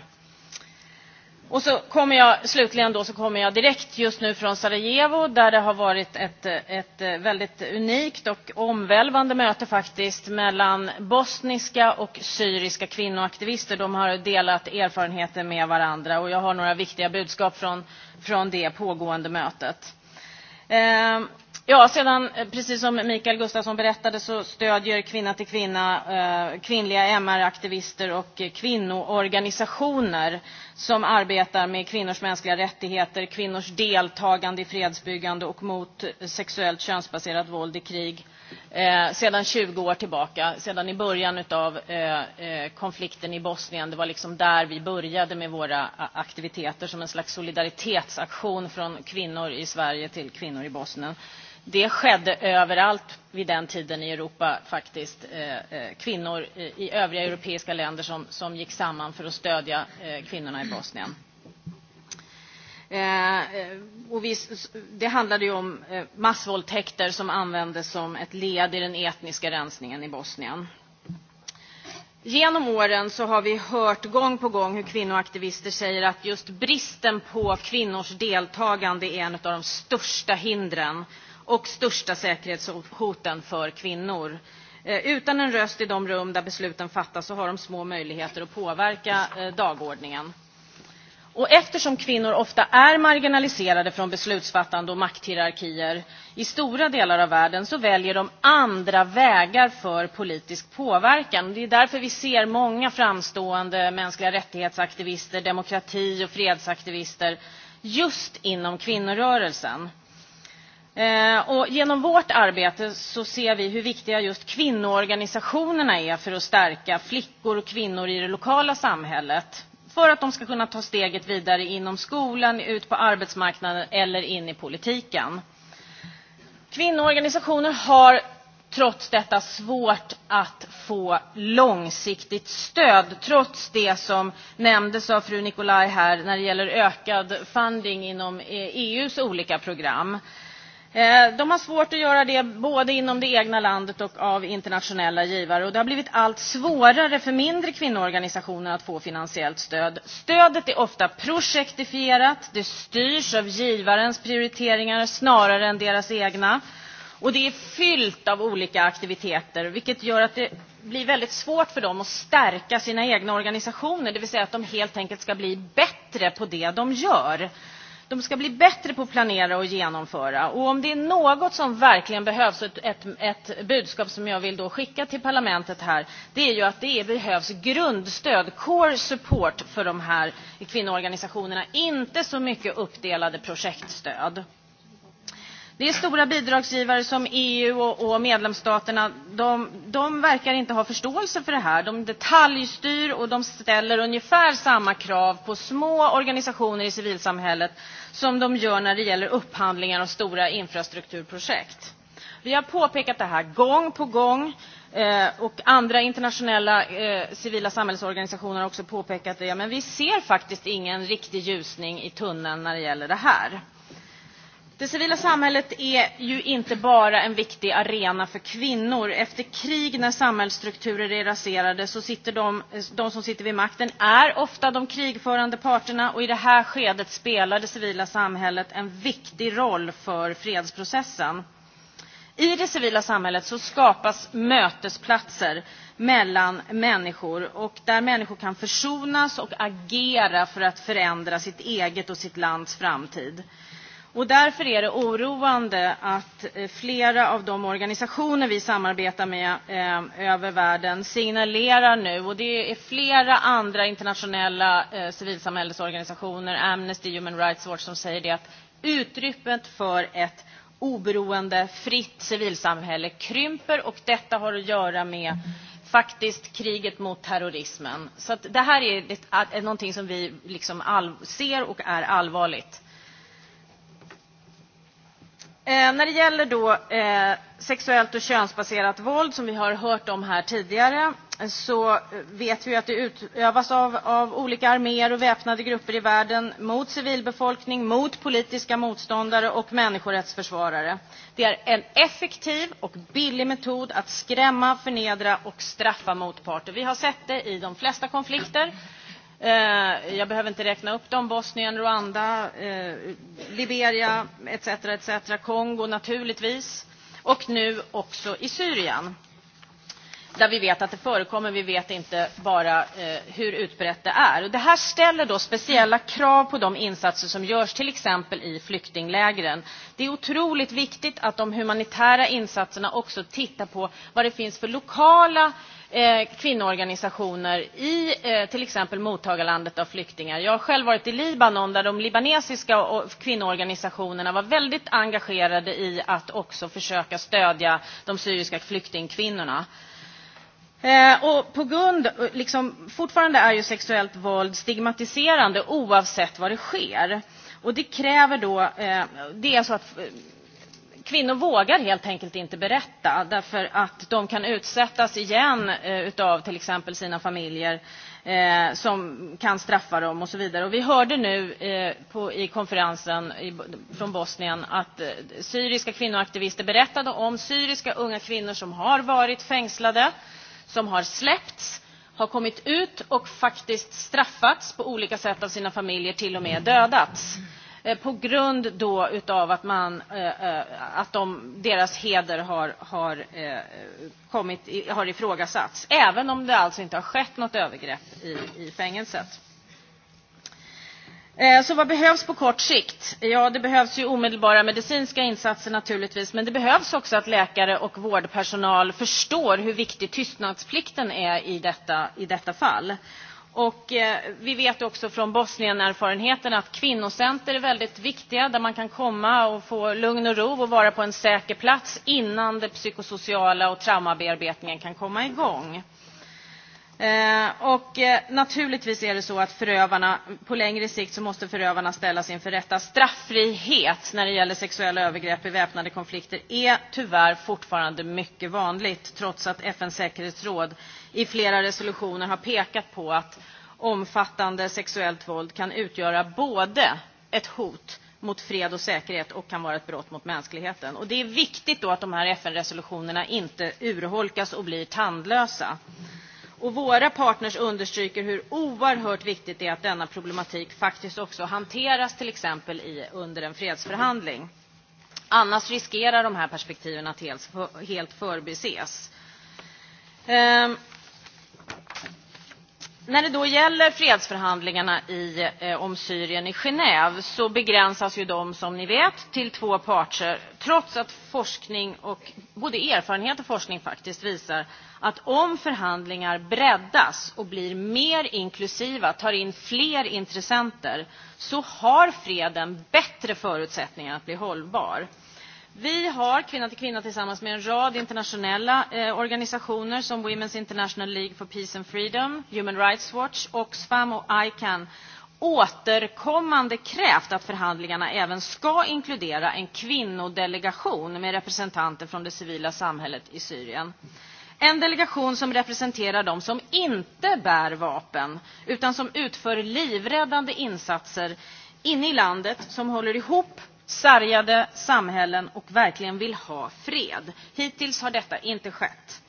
Och så kommer jag, slutligen då, så kommer jag direkt just nu från Sarajevo där det har varit ett, ett väldigt unikt och omvälvande möte faktiskt mellan bosniska och syriska kvinnoaktivister. De har delat erfarenheter med varandra och jag har några viktiga budskap från, från det pågående mötet. Ehm Ja, sedan, precis som Mikael Gustafsson berättade så stödjer Kvinna till kvinna eh, kvinnliga MR-aktivister och kvinnoorganisationer som arbetar med kvinnors mänskliga rättigheter, kvinnors deltagande i fredsbyggande och mot sexuellt könsbaserat våld i krig eh, sedan 20 år tillbaka, sedan i början av eh, konflikten i Bosnien. Det var liksom där vi började med våra aktiviteter som en slags solidaritetsaktion från kvinnor i Sverige till kvinnor i Bosnien. Det skedde överallt vid den tiden i Europa faktiskt. Kvinnor i övriga europeiska länder som gick samman för att stödja kvinnorna i Bosnien. Det handlade ju om massvåldtäkter som användes som ett led i den etniska rensningen i Bosnien. Genom åren så har vi hört gång på gång hur kvinnoaktivister säger att just bristen på kvinnors deltagande är en av de största hindren och största säkerhetshoten för kvinnor. Utan en röst i de rum där besluten fattas så har de små möjligheter att påverka dagordningen. Och eftersom kvinnor ofta är marginaliserade från beslutsfattande och makthierarkier i stora delar av världen så väljer de andra vägar för politisk påverkan. Det är därför vi ser många framstående mänskliga rättighetsaktivister, demokrati och fredsaktivister just inom kvinnorörelsen. Och genom vårt arbete så ser vi hur viktiga just kvinnoorganisationerna är för att stärka flickor och kvinnor i det lokala samhället. För att de ska kunna ta steget vidare inom skolan, ut på arbetsmarknaden eller in i politiken. Kvinnoorganisationer har trots detta svårt att få långsiktigt stöd. Trots det som nämndes av fru Nikolaj här när det gäller ökad funding inom EUs olika program. De har svårt att göra det både inom det egna landet och av internationella givare. Och det har blivit allt svårare för mindre kvinnoorganisationer att få finansiellt stöd. Stödet är ofta projektifierat, det styrs av givarens prioriteringar snarare än deras egna. Och det är fyllt av olika aktiviteter, vilket gör att det blir väldigt svårt för dem att stärka sina egna organisationer. Det vill säga att de helt enkelt ska bli bättre på det de gör. De ska bli bättre på att planera och genomföra. Och om det är något som verkligen behövs, ett, ett budskap som jag vill då skicka till parlamentet här, det är ju att det behövs grundstöd, core support för de här kvinnoorganisationerna, inte så mycket uppdelade projektstöd. Det är stora bidragsgivare som EU och medlemsstaterna. De verkar inte ha förståelse för det här. De detaljstyr och de ställer ungefär samma krav på små organisationer i civilsamhället som de gör när det gäller upphandlingar av stora infrastrukturprojekt. Vi har påpekat det här gång på gång. Och andra internationella civila samhällsorganisationer har också påpekat det. Men vi ser faktiskt ingen riktig ljusning i tunneln när det gäller det här. Det civila samhället är ju inte bara en viktig arena för kvinnor. Efter krig när samhällsstrukturer är raserade så sitter de, de som sitter vid makten är ofta de krigförande parterna och i det här skedet spelar det civila samhället en viktig roll för fredsprocessen. I det civila samhället så skapas mötesplatser mellan människor och där människor kan försonas och agera för att förändra sitt eget och sitt lands framtid. Och därför är det oroande att flera av de organisationer vi samarbetar med över världen signalerar nu, och det är flera andra internationella civilsamhällesorganisationer, Amnesty, Human Rights Watch, som säger det att utrymmet för ett oberoende, fritt civilsamhälle krymper och detta har att göra med faktiskt kriget mot terrorismen. Så det här är någonting som vi liksom ser och är allvarligt. När det gäller då sexuellt och könsbaserat våld som vi har hört om här tidigare så vet vi att det utövas av olika arméer och väpnade grupper i världen mot civilbefolkning, mot politiska motståndare och människorättsförsvarare. Det är en effektiv och billig metod att skrämma, förnedra och straffa motparter. Vi har sett det i de flesta konflikter. Jag behöver inte räkna upp dem. Bosnien, Rwanda, Liberia, etc. etc. Kongo naturligtvis. Och nu också i Syrien. Där vi vet att det förekommer, vi vet inte bara hur utbrett det är. Det här ställer då speciella krav på de insatser som görs till exempel i flyktinglägren. Det är otroligt viktigt att de humanitära insatserna också tittar på vad det finns för lokala kvinnoorganisationer i till exempel mottagarlandet av flyktingar. Jag har själv varit i Libanon där de libanesiska kvinnoorganisationerna var väldigt engagerade i att också försöka stödja de syriska flyktingkvinnorna. Och på grund, liksom, fortfarande är ju sexuellt våld stigmatiserande oavsett var det sker. Och det kräver då, det är så att kvinnor vågar helt enkelt inte berätta därför att de kan utsättas igen utav till exempel sina familjer som kan straffa dem och så vidare. Och vi hörde nu på, i konferensen från Bosnien att syriska kvinnoaktivister berättade om syriska unga kvinnor som har varit fängslade, som har släppts, har kommit ut och faktiskt straffats på olika sätt av sina familjer, till och med dödats på grund då utav att man att de deras heder har har kommit har ifrågasatts även om det alltså inte har skett något övergrepp i i fängelset. Så vad behövs på kort sikt? Ja, det behövs ju omedelbara medicinska insatser naturligtvis, men det behövs också att läkare och vårdpersonal förstår hur viktig tystnadsplikten är i detta, i detta fall. Och vi vet också från Bosnien-erfarenheten att kvinnocenter är väldigt viktiga där man kan komma och få lugn och ro och vara på en säker plats innan det psykosociala och traumabearbetningen kan komma igång. Och naturligtvis är det så att förövarna, på längre sikt så måste förövarna ställas inför rätta. Strafffrihet när det gäller sexuella övergrepp i väpnade konflikter är tyvärr fortfarande mycket vanligt trots att FNs säkerhetsråd i flera resolutioner har pekat på att omfattande sexuellt våld kan utgöra både ett hot mot fred och säkerhet och kan vara ett brott mot mänskligheten. Det är viktigt att de här FN-resolutionerna inte urholkas och blir tandlösa. Våra partners understryker hur oerhört viktigt det är att denna problematik faktiskt också hanteras till exempel under en fredsförhandling. Annars riskerar de här perspektiven att helt förbises. När det då gäller fredsförhandlingarna i, eh, om Syrien i Genève så begränsas ju de som ni vet till två parter trots att forskning och både erfarenhet och forskning faktiskt visar att om förhandlingar breddas och blir mer inklusiva, tar in fler intressenter så har freden bättre förutsättningar att bli hållbar. Vi har Kvinna till kvinna tillsammans med en rad internationella organisationer som Women's International League for Peace and Freedom, Human Rights Watch, Oxfam och ICAN återkommande krävt att förhandlingarna även ska inkludera en kvinnodelegation med representanter från det civila samhället i Syrien. En delegation som representerar de som inte bär vapen utan som utför livräddande insatser inne i landet, som håller ihop sargade samhällen och verkligen vill ha fred. Hittills har detta inte skett.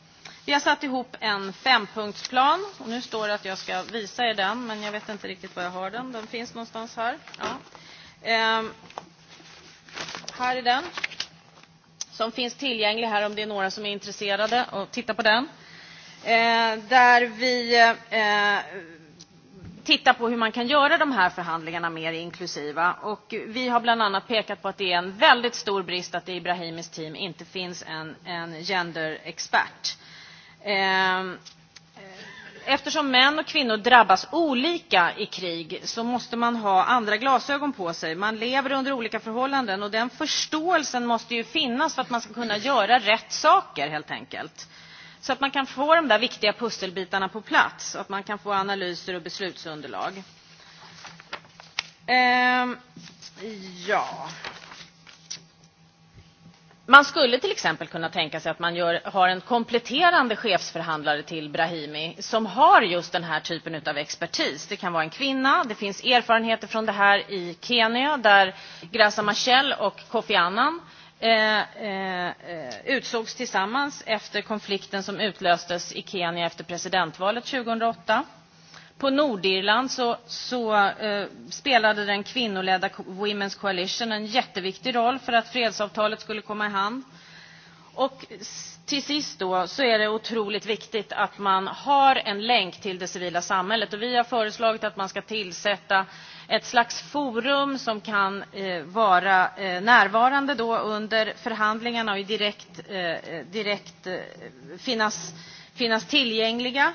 Vi har satt ihop en fempunktsplan. Och nu står det att jag ska visa er den, men jag vet inte riktigt var jag har den. Den finns någonstans här. Ja. Här är den. Som finns tillgänglig här om det är några som är intresserade och titta på den. Där vi titta på hur man kan göra de här förhandlingarna mer inklusiva. Och vi har bland annat pekat på att det är en väldigt stor brist att det i Ibrahimis team inte finns en, en genderexpert. Eftersom män och kvinnor drabbas olika i krig så måste man ha andra glasögon på sig. Man lever under olika förhållanden och den förståelsen måste ju finnas för att man ska kunna göra rätt saker helt enkelt så att man kan få de där viktiga pusselbitarna på plats och att man kan få analyser och beslutsunderlag. Ja. Man skulle till exempel kunna tänka sig att man gör, har en kompletterande chefsförhandlare till Brahimi som har just den här typen av expertis. Det kan vara en kvinna. Det finns erfarenheter från det här i Kenya där Grasa Machel och Kofi Annan utsågs tillsammans efter konflikten som utlöstes i Kenya efter presidentvalet 2008. På Nordirland så så spelade den kvinnoledda Women's Coalition en jätteviktig roll för att fredsavtalet skulle komma i hand. Och till sist då så är det otroligt viktigt att man har en länk till det civila samhället. Och vi har föreslagit att man ska tillsätta ett slags forum som kan vara närvarande då under förhandlingarna och direkt, direkt finnas, finnas tillgängliga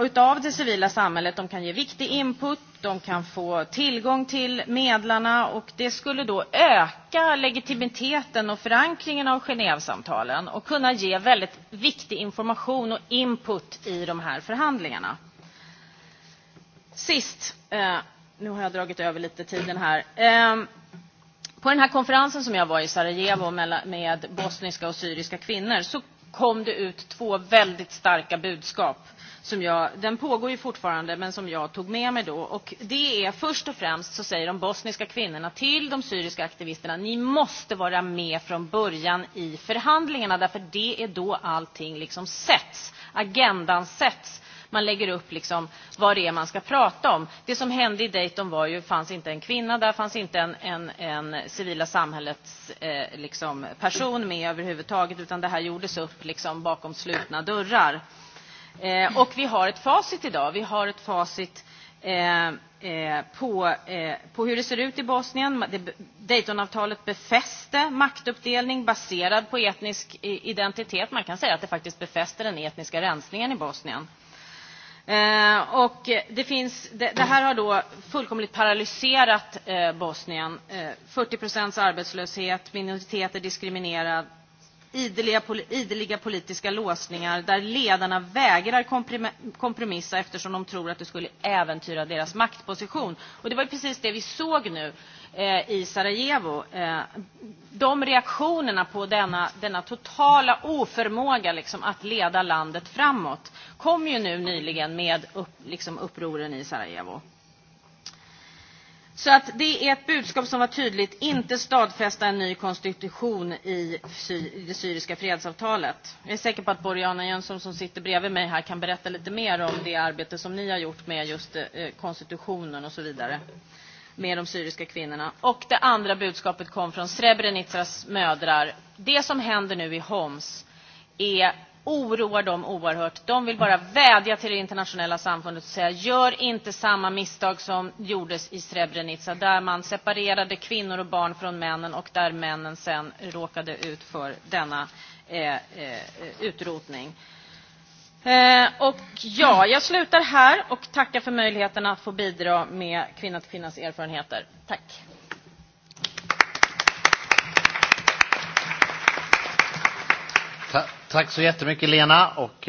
utav det civila samhället. De kan ge viktig input, de kan få tillgång till medlarna och det skulle då öka legitimiteten och förankringen av Genevsamtalen och kunna ge väldigt viktig information och input i de här förhandlingarna. Sist nu har jag dragit över lite tiden här. På den här konferensen som jag var i Sarajevo med bosniska och syriska kvinnor så kom det ut två väldigt starka budskap. Som jag, den pågår ju fortfarande men som jag tog med mig då. Och det är först och främst så säger de bosniska kvinnorna till de syriska aktivisterna ni måste vara med från början i förhandlingarna därför det är då allting liksom sätts. Agendan sätts Man lägger upp liksom vad det är man ska prata om. Det som hände i Dayton var ju, fanns inte en kvinna där, fanns inte en, en, en civila samhällets eh, liksom, person med överhuvudtaget, utan det här gjordes upp liksom bakom slutna dörrar. Eh, och vi har ett facit idag. Vi har ett facit eh, på, på hur det ser ut i Bosnien. Daytonavtalet befäste maktuppdelning baserad på etnisk identitet. Man kan säga att det faktiskt befäste den etniska rensningen i Bosnien. Och det, finns, det här har då fullkomligt paralyserat Bosnien. 40 procents arbetslöshet, minoriteter diskriminerade, ideliga politiska låsningar där ledarna vägrar kompromissa eftersom de tror att det skulle äventyra deras maktposition. Och det var precis det vi såg nu i Sarajevo. De reaktionerna på denna, denna totala oförmåga liksom, att leda landet framåt kom ju nu nyligen med upp, liksom, upproren i Sarajevo. Så att det är ett budskap som var tydligt, inte stadfästa en ny konstitution i det syriska fredsavtalet. Jag är säker på att Boriana Jönsson som sitter bredvid mig här kan berätta lite mer om det arbete som ni har gjort med just konstitutionen och så vidare med de syriska kvinnorna. Och det andra budskapet kom från Srebrenicas mödrar. Det som händer nu i Homs är oroar dem oerhört. De vill bara vädja till det internationella samfundet och säga gör inte samma misstag som gjordes i Srebrenica där man separerade kvinnor och barn från männen och där männen sen råkade ut för denna utrotning. Och ja, jag slutar här och tackar för möjligheten att få bidra med kvinna till kvinnas erfarenheter. Tack. Tack så jättemycket Lena och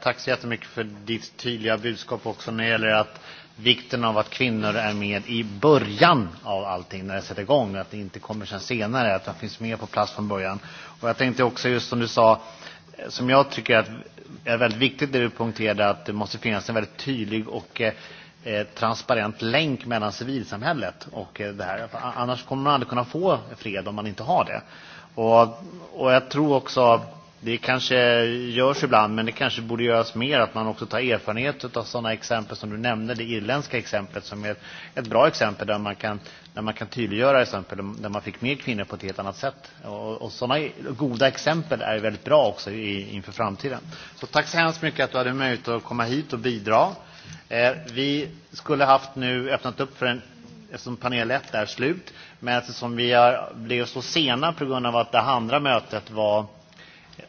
tack så jättemycket för ditt tydliga budskap också när det gäller att vikten av att kvinnor är med i början av allting när det sätter igång. Att det inte kommer sen senare, att de finns mer på plats från början. Och jag tänkte också just som du sa som jag tycker är väldigt viktigt det du punkterade att det måste finnas en väldigt tydlig och transparent länk mellan civilsamhället och det här. Annars kommer man aldrig kunna få fred om man inte har det. Och jag tror också Det kanske görs ibland, men det kanske borde göras mer att man också tar erfarenhet av sådana exempel som du nämnde, det irländska exemplet som är ett bra exempel där man kan, där man kan tydliggöra exempel där man fick med kvinnor på ett helt annat sätt. Och, och sådana goda exempel är väldigt bra också i, inför framtiden. Så tack så hemskt mycket att du hade möjlighet att komma hit och bidra. Vi skulle haft nu öppnat upp för en eftersom panel 1 är slut, men eftersom vi blev så sena på grund av att det andra mötet var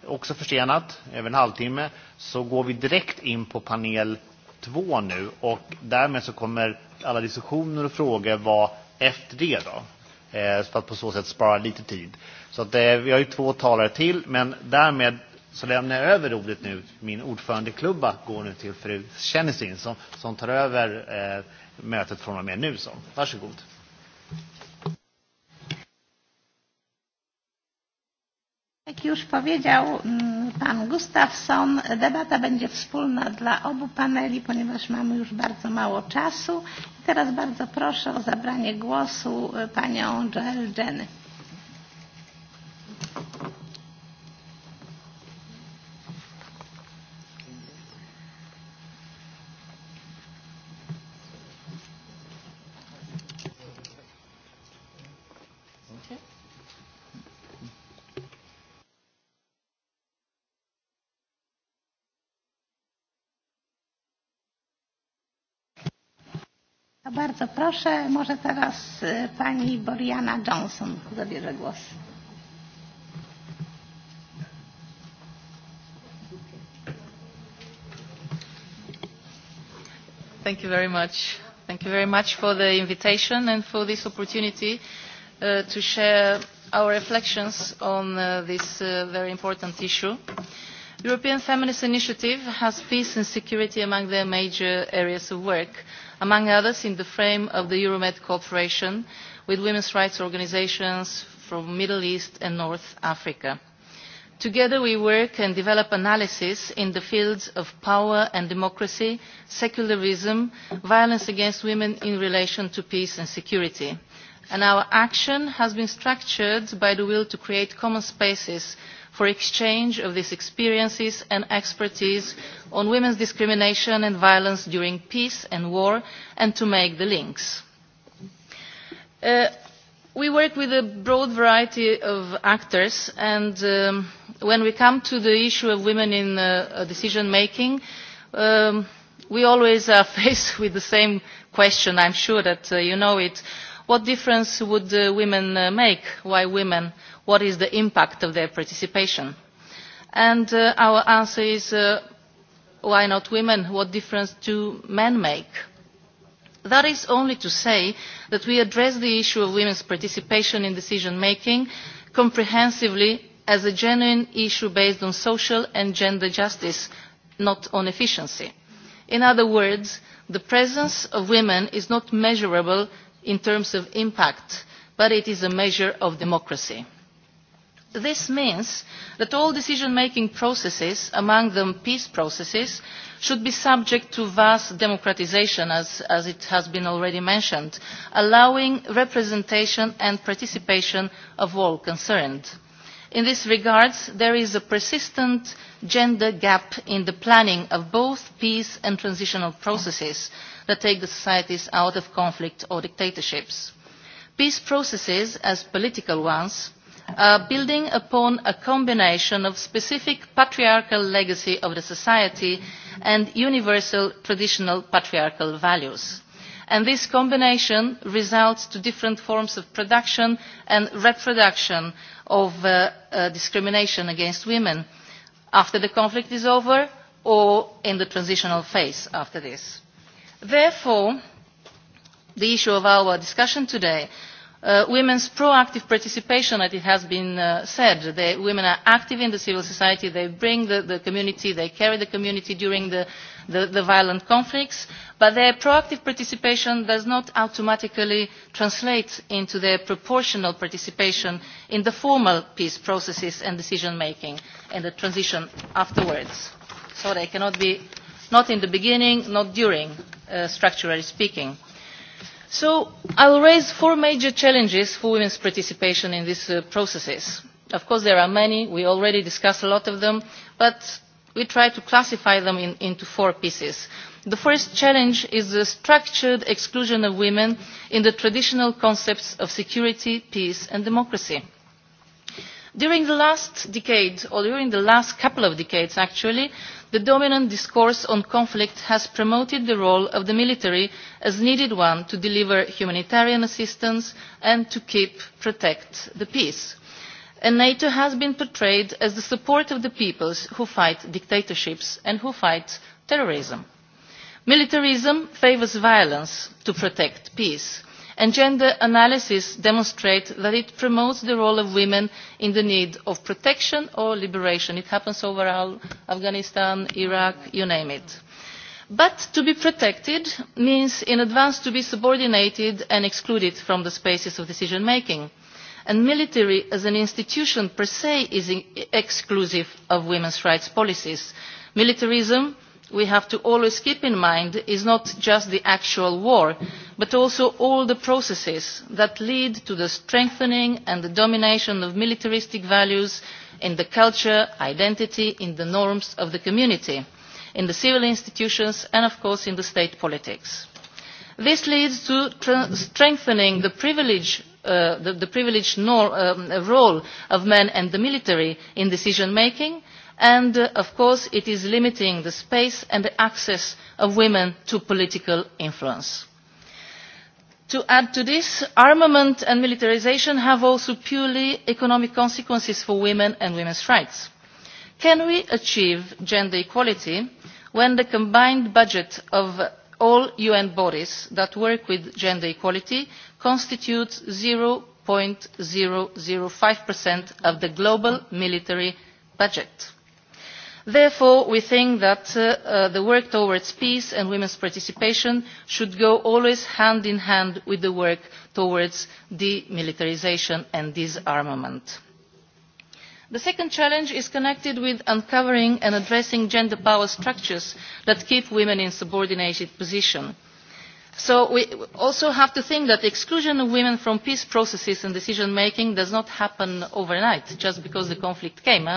också försenat, över en halvtimme, så går vi direkt in på panel två nu och därmed så kommer alla diskussioner och frågor vara efter det då. För att på så sätt spara lite tid. Så att, vi har ju två talare till, men därmed så lämnar jag över ordet nu. Min klubba går nu till fru Kennesin som, som tar över mötet från och med nu. Så. Varsågod. Jak już powiedział pan Gustafsson, debata będzie wspólna dla obu paneli, ponieważ mamy już bardzo mało czasu. Teraz bardzo proszę o zabranie głosu panią Joel Jenny. Bardzo proszę, może teraz pani Boriana Johnson zabierze głos. Thank you very much. Thank you very much for the invitation and for this opportunity uh, to share our reflections on uh, this uh, very important issue. European Feminist Initiative has peace and security among their major areas of work among others in the frame of the Euromed cooperation with women's rights organisations from the Middle East and North Africa. Together we work and develop analysis in the fields of power and democracy, secularism, violence against women in relation to peace and security. And our action has been structured by the will to create common spaces for exchange of these experiences and expertise on women's discrimination and violence during peace and war and to make the links. We work with a broad variety of actors and when we come to the issue of women in decision making, we always are faced with the same question. I'm sure that you know it. What difference would women make? Why women? what is the impact of their participation. And our answer is why not women? What difference do men make? That is only to say that we address the issue of women's participation in decision making comprehensively as a genuine issue based on social and gender justice, not on efficiency. In other words, the presence of women is not measurable in terms of impact, but it is a measure of democracy. This means that all decision-making processes, among them peace processes, should be subject to vast democratisation, as it has been already mentioned, allowing representation and participation of all concerned. In this regard, there is a persistent gender gap in the planning of both peace and transitional processes that take the societies out of conflict or dictatorships. Peace processes, as political ones, building upon a combination of specific patriarchal legacy of the society and universal traditional patriarchal values. And this combination results to different forms of production and reproduction of discrimination against women after the conflict is over or in the transitional phase after this. Therefore, the issue of our discussion today women's proactive participation, as it has been said. women are active in the civil society. They bring the, community, they carry the community during the, the, the violent conflicts. But their proactive participation does not automatically translate into their proportional participation in the formal peace processes and decision-making and the transition afterwards. So they cannot be, not in the beginning, not during, structurally speaking So I will raise four major challenges for women's participation in these processes. Of course there are many, we already discussed a lot of them, but we try to classify them into four pieces. The first challenge is the structured exclusion of women in the traditional concepts of security, peace and democracy. During the last decade, or during the last couple of decades actually, the dominant discourse on conflict has promoted the role of the military as needed one to deliver humanitarian assistance and to keep, protect the peace. And NATO has been portrayed as the support of the peoples who fight dictatorships and who fight terrorism. Militarism favours violence to protect peace and gender analysis demonstrates that it promotes the role of women in the need of protection or liberation. It happens overall, Afghanistan, Iraq, you name it. But to be protected means in advance to be subordinated and excluded from the spaces of decision making. And military as an institution per se is exclusive of women's rights policies. Militarism we have to always keep in mind is not just the actual war, but also all the processes that lead to the strengthening and the domination of militaristic values in the culture, identity, in the norms of the community, in the civil institutions and of course in the state politics. This leads to strengthening the the privileged role of men and the military in decision making and of course it is limiting the space and the access of women to political influence. To add to this, armament and militarisation have also purely economic consequences for women and women's rights. Can we achieve gender equality when the combined budget of all UN bodies that work with gender equality constitutes 0.005% of the global military budget? Therefore, we think that the work towards peace and women's participation should go always hand in hand with the work towards demilitarisation and disarmament. The second challenge is connected with uncovering and addressing gender power structures that keep women in subordinated positions. So we also have to think that the exclusion of women from peace processes and decision making does not happen overnight, just because the conflict came.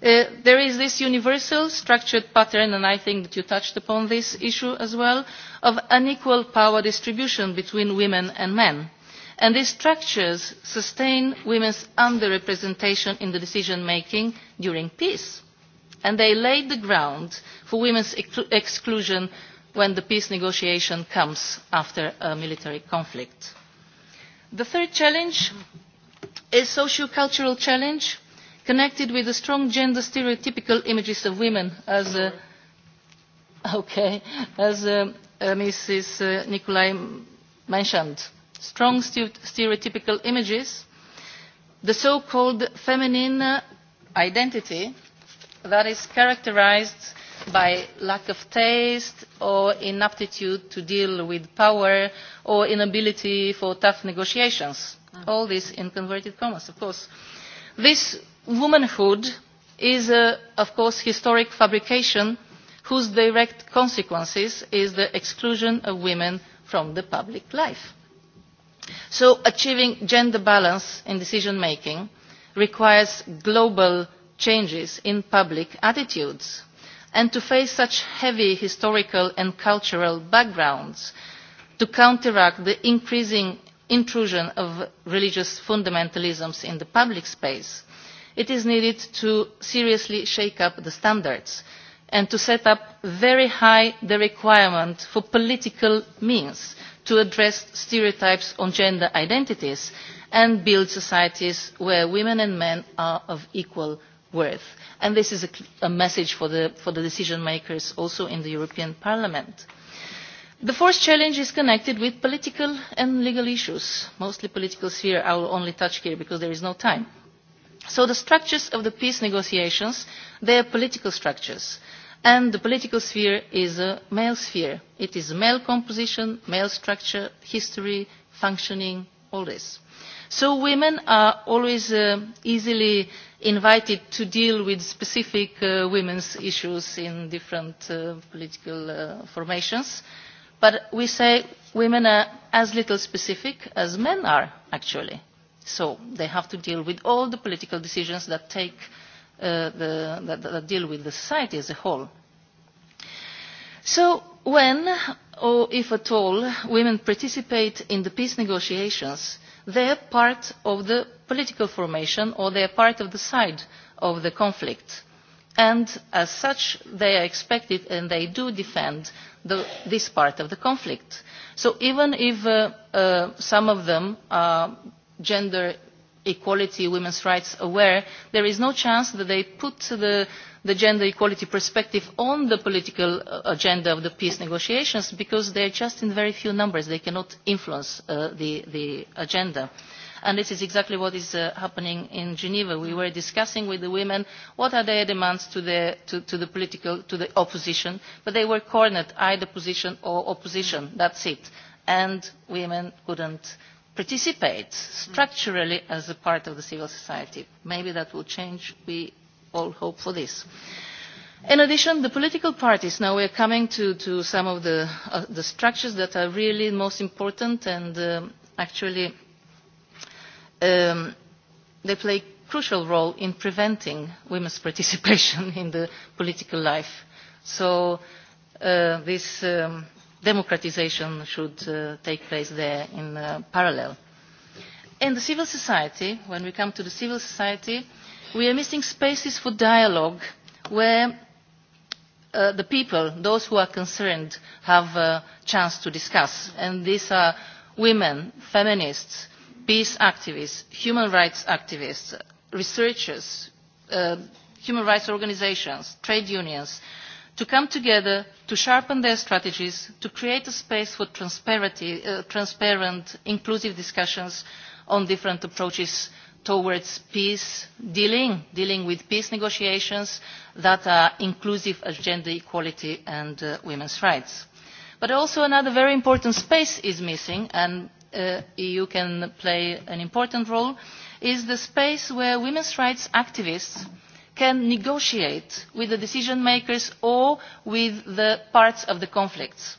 There is this universal structured pattern, and I think that you touched upon this issue as well, of unequal power distribution between women and men. And these structures sustain women's under representation in the decision-making during peace. And they lay the ground for women's exclusion when the peace negotiation comes after a military conflict. The third challenge is a socio-cultural challenge connected with the strong gender stereotypical images of women, as okay, as Mrs. Nicolai mentioned. Strong stereotypical images, the so-called feminine identity that is characterized by lack of taste or inaptitude to deal with power or inability for tough negotiations. All this in converted commas, of course. This womanhood is of course historic fabrication whose direct consequences is the exclusion of women from the public life. So achieving gender balance in decision making requires global changes in public attitudes and to face such heavy historical and cultural backgrounds to counteract the increasing intrusion of religious fundamentalisms in the public space it is needed to seriously shake up the standards and to set up very high the requirement for political means to address stereotypes on gender identities and build societies where women and men are of equal worth. And this is a message for the decision makers also in the European Parliament. The fourth challenge is connected with political and legal issues, mostly political sphere I will only touch here because there is no time. So the structures of the peace negotiations, they are political structures. And the political sphere is a male sphere. It is male composition, male structure, history, functioning, all this. So women are always easily invited to deal with specific women's issues in different political formations. But we say women are as little specific as men are, actually. So they have to deal with all the political decisions that take that deal with the society as a whole. So when, or if at all, women participate in the peace negotiations, they are part of the political formation or they are part of the side of the conflict. And as such, they are expected and they do defend this part of the conflict. So even if some of them are gender equality, women's rights aware, there is no chance that they put the gender equality perspective on the political agenda of the peace negotiations because they are just in very few numbers. They cannot influence the agenda. And this is exactly what is happening in Geneva. We were discussing with the women what are their demands to the political, to the opposition, but they were cornered, either position or opposition. That's it. And women couldn't participates structurally as a part of the civil society. Maybe that will change. We all hope for this. In addition, the political parties, now we are coming to some of the structures that are really most important and actually they play a crucial role in preventing women's participation in the political life. So this democratization should take place there in parallel. In the civil society, when we come to the civil society, we are missing spaces for dialogue where the people, those who are concerned, have a chance to discuss. And these are women, feminists, peace activists, human rights activists, researchers, human rights organizations, trade unions, to come together to sharpen their strategies to create a space for transparent inclusive discussions on different approaches towards peace dealing dealing with peace negotiations that are inclusive of gender equality and women's rights but also another very important space is missing and the eu can play an important role is the space where women's rights activists can negotiate with the decision makers or with the parts of the conflicts.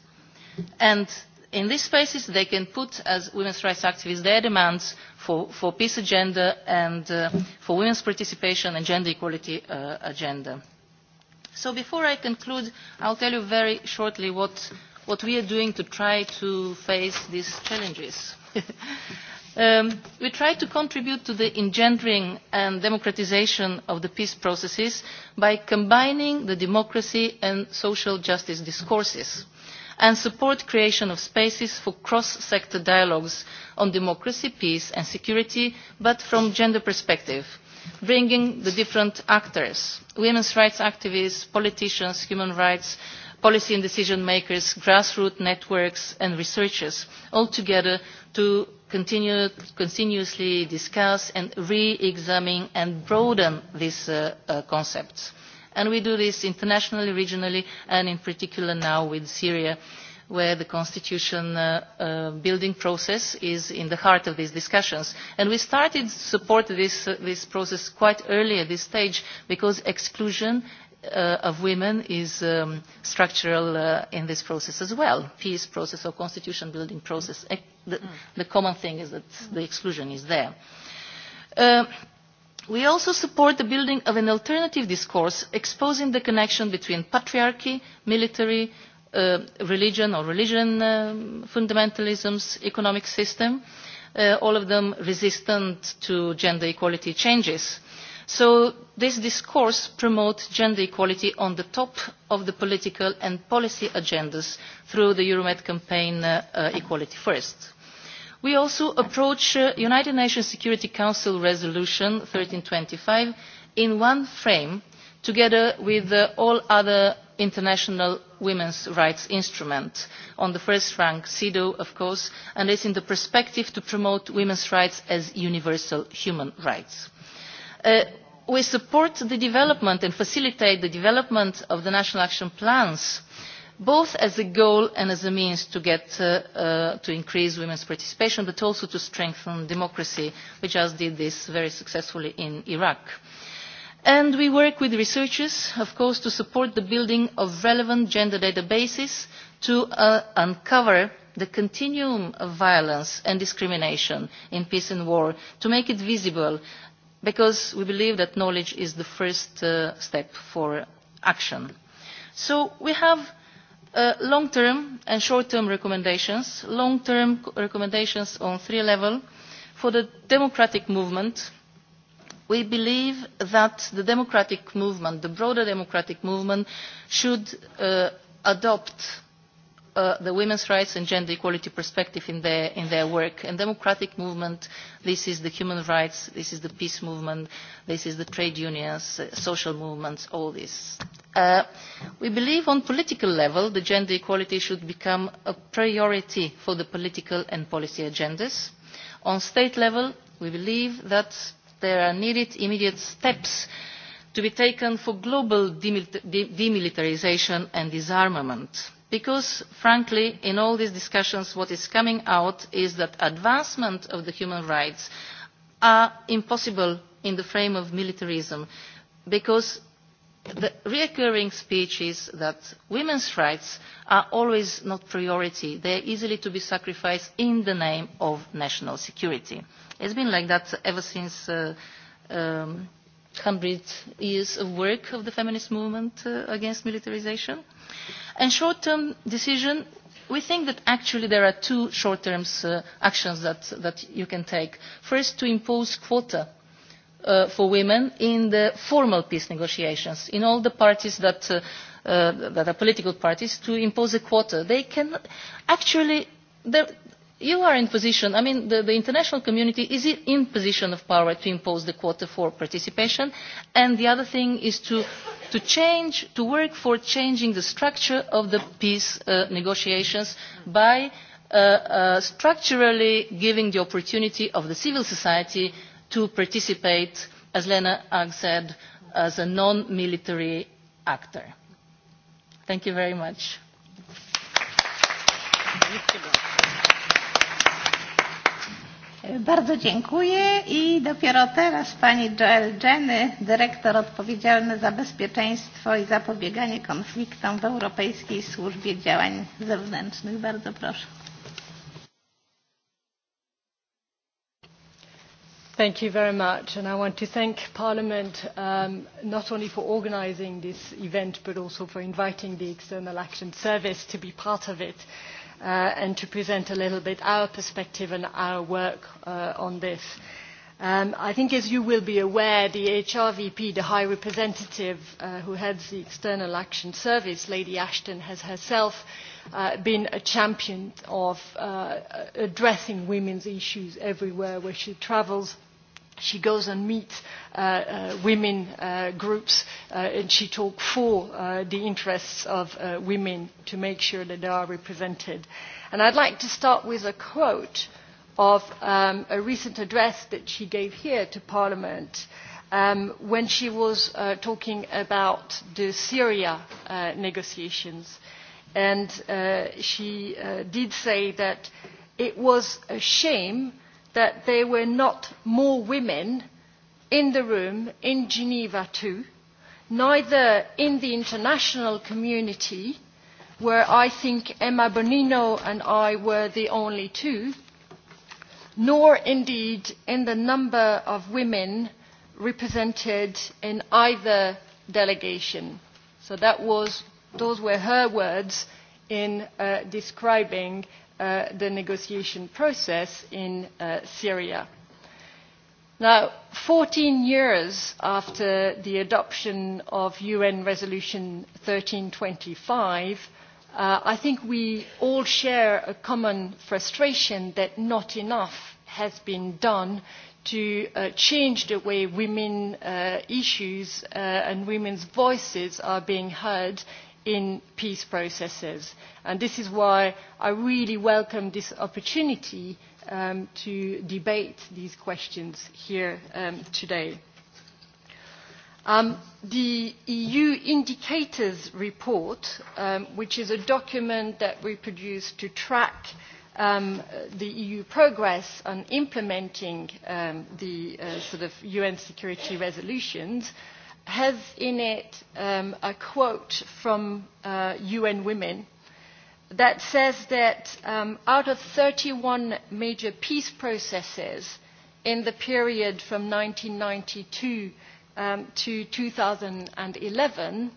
And in these spaces they can put, as women's rights activists, their demands for peace agenda and for women's participation and gender equality agenda. So before I conclude, I'll tell you very shortly what we are doing to try to face these challenges. We try to contribute to the engendering and democratization of the peace processes by combining the democracy and social justice discourses and support creation of spaces for cross-sector dialogues on democracy, peace and security, but from gender perspective, bringing the different actors, women's rights activists, politicians, human rights, policy and decision makers, grassroots networks and researchers, all together to continuously discuss and re-examine and broaden these concepts. And we do this internationally, regionally, and in particular now with Syria, where the constitution building process is in the heart of these discussions. And we started to support this process quite early at this stage because exclusion of women is structural in this process as well. Peace process or constitution building process. The common thing is that the exclusion is there. We also support the building of an alternative discourse exposing the connection between patriarchy, military, religion or religion fundamentalisms, economic system, all of them resistant to gender equality changes So this discourse promotes gender equality on the top of the political and policy agendas through the Euromed campaign Equality First. We also approach United Nations Security Council Resolution 1325 in one frame together with all other international women's rights instruments on the first rank cedaw of course and is in the perspective to promote women's rights as universal human rights we support the development and facilitate the development of the national action plans both as a goal and as a means to increase women's participation but also to strengthen democracy we just did this very successfully in iraq and we work with researchers of course to support the building of relevant gender databases to uncover the continuum of violence and discrimination in peace and war to make it visible because we believe that knowledge is the first step for action. So we have long-term and short-term recommendations, long-term recommendations on three levels. For the democratic movement, we believe that the democratic movement, the broader democratic movement, should adopt the women's rights and gender equality perspective in their in their work. And democratic movement, this is the human rights, this is the peace movement, this is the trade unions, social movements, all this. We believe on political level the gender equality should become a priority for the political and policy agendas. On state level, we believe that there are needed immediate steps to be taken for global demilitarisation and disarmament because frankly in all these discussions what is coming out is that advancement of the human rights are impossible in the frame of militarism because the recurring speech is that women's rights are always not priority they are easily to be sacrificed in the name of national security. It has been like that ever since 100 years of work of the feminist movement against militarization. And short-term decision, we think that actually there are two short-term actions that you can take. First, to impose quota for women in the formal peace negotiations, in all the parties that that are political parties, to impose a quota. They can actually you are in position, I mean, the, international community is in position of power to impose the quota for participation. And the other thing is to, change, to work for changing the structure of the peace negotiations by structurally giving the opportunity of the civil society to participate, as Lena Ag said, as a non-military actor. Thank you very much. Bardzo dziękuję i dopiero teraz pani Joel Jenny, dyrektor odpowiedzialny za bezpieczeństwo i zapobieganie konfliktom w Europejskiej Służbie Działań Zewnętrznych. Bardzo proszę. Thank you very much and I want to thank Parliament um, not only for organizing this event but also for inviting the External Action Service to be part of it and to present a little bit our perspective and our work on this. I think as you will be aware, the HRVP, the High Representative who heads the External Action Service, Lady Ashton, has herself been a champion of addressing women's issues everywhere where she travels She goes and meets women groups and she talks for the interests of women to make sure that they are represented. And I'd like to start with a quote of a recent address that she gave here to Parliament when she was talking about the Syria negotiations. And she did say that it was a shame that there were not more women in the room in Geneva too, neither in the international community, where I think Emma Bonino and I were the only two, nor indeed in the number of women represented in either delegation. So that was, those were her words in describing the negotiation process in Syria. Now, 14 years after the adoption of UN Resolution 1325, I think we all share a common frustration that not enough has been done to change the way women's issues and women's voices are being heard in peace processes. And this is why I really welcome this opportunity to debate these questions here today. The EU Indicators Report, which is a document that we produce to track the EU progress on implementing the sort of UN security resolutions, has in it a quote from UN Women that says that out of 31 major peace processes in the period from 1992 to 2011,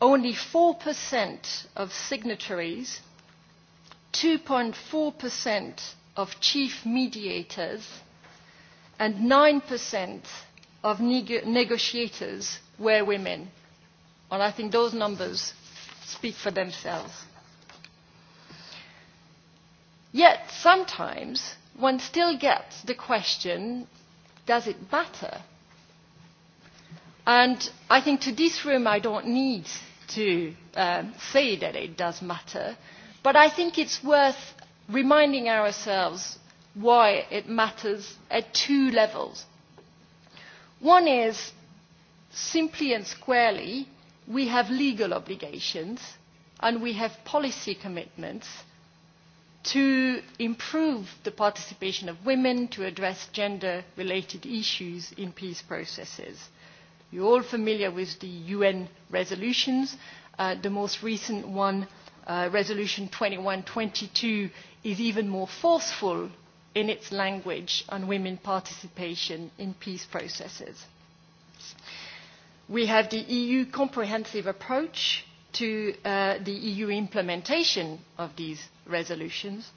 only 4% of signatories, 2.4% of chief mediators, and 9% of negotiators were women. And I think those numbers speak for themselves. Yet sometimes one still gets the question, does it matter? And I think to this room I don't need to say that it does matter, but I think it's worth reminding ourselves why it matters at two levels One is, simply and squarely, we have legal obligations and we have policy commitments to improve the participation of women to address gender-related issues in peace processes. are all familiar with the UN resolutions. The most recent one, Resolution 2122, is even more forceful in its language on women participation in peace processes. We have the EU comprehensive approach to the EU implementation of these resolutions.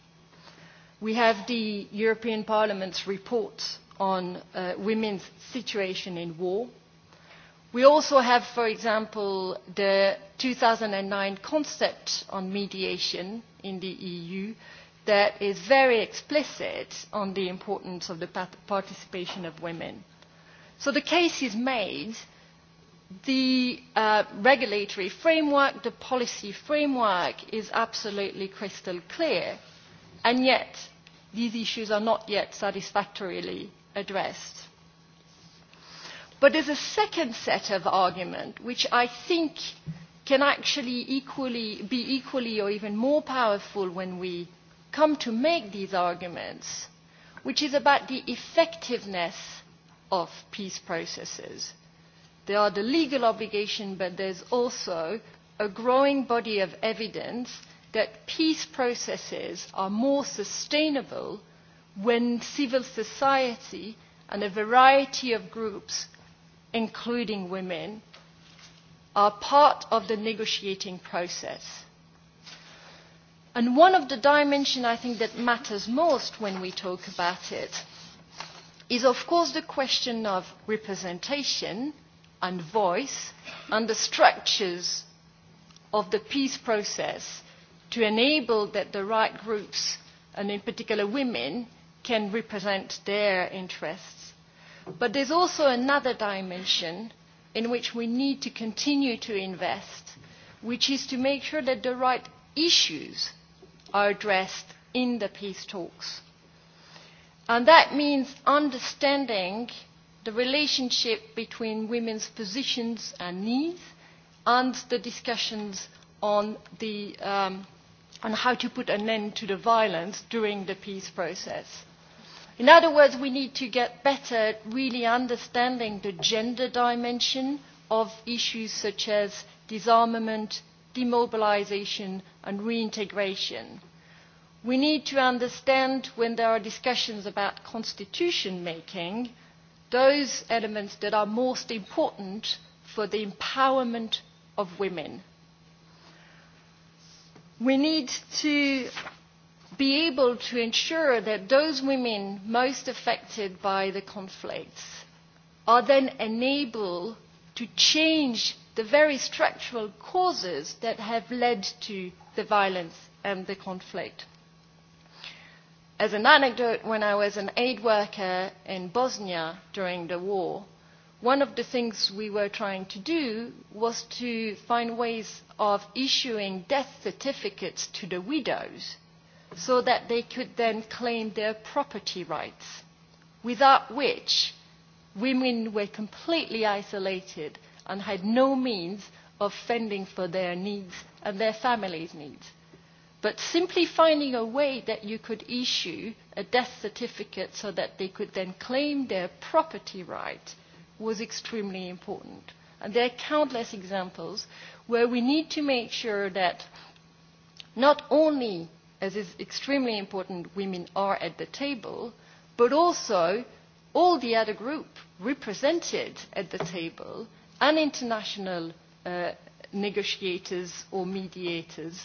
We have the European Parliament's report on women's situation in war. We also have, for example, the 2009 concept on mediation in the EU, that is very explicit on the importance of the participation of women. So the case is made, the regulatory framework, the policy framework is absolutely crystal clear, and yet these issues are not yet satisfactorily addressed. But there's a second set of argument which I think can actually equally be equally or even more powerful when we come to make these arguments, which is about the effectiveness of peace processes. There are the legal obligation, but there's also a growing body of evidence that peace processes are more sustainable when civil society and a variety of groups, including women, are part of the negotiating process. And one of the dimensions I think that matters most when we talk about it is, of course, the question of representation and voice and the structures of the peace process to enable that the right groups, and in particular women, can represent their interests. But there's also another dimension in which we need to continue to invest, which is to make sure that the right issues are addressed in the peace talks. And that means understanding the relationship between women's positions and needs and the discussions on the how to put an end to the violence during the peace process. In other words, we need to get better at really understanding the gender dimension of issues such as disarmament, demobilisation and reintegration. We need to understand when there are discussions about constitution making those elements that are most important for the empowerment of women. We need to be able to ensure that those women most affected by the conflicts are then enabled to change the very structural causes that have led to the violence and the conflict. As an anecdote, when I was an aid worker in Bosnia during the war, one of the things we were trying to do was to find ways of issuing death certificates to the widows so that they could then claim their property rights, without which women were completely isolated and had no means of fending for their needs and their families' needs. But simply finding a way that you could issue a death certificate so that they could then claim their property right was extremely important. And there are countless examples where we need to make sure that not only, as is extremely important, women are at the table, but also all the other groups represented at the table and international negotiators or mediators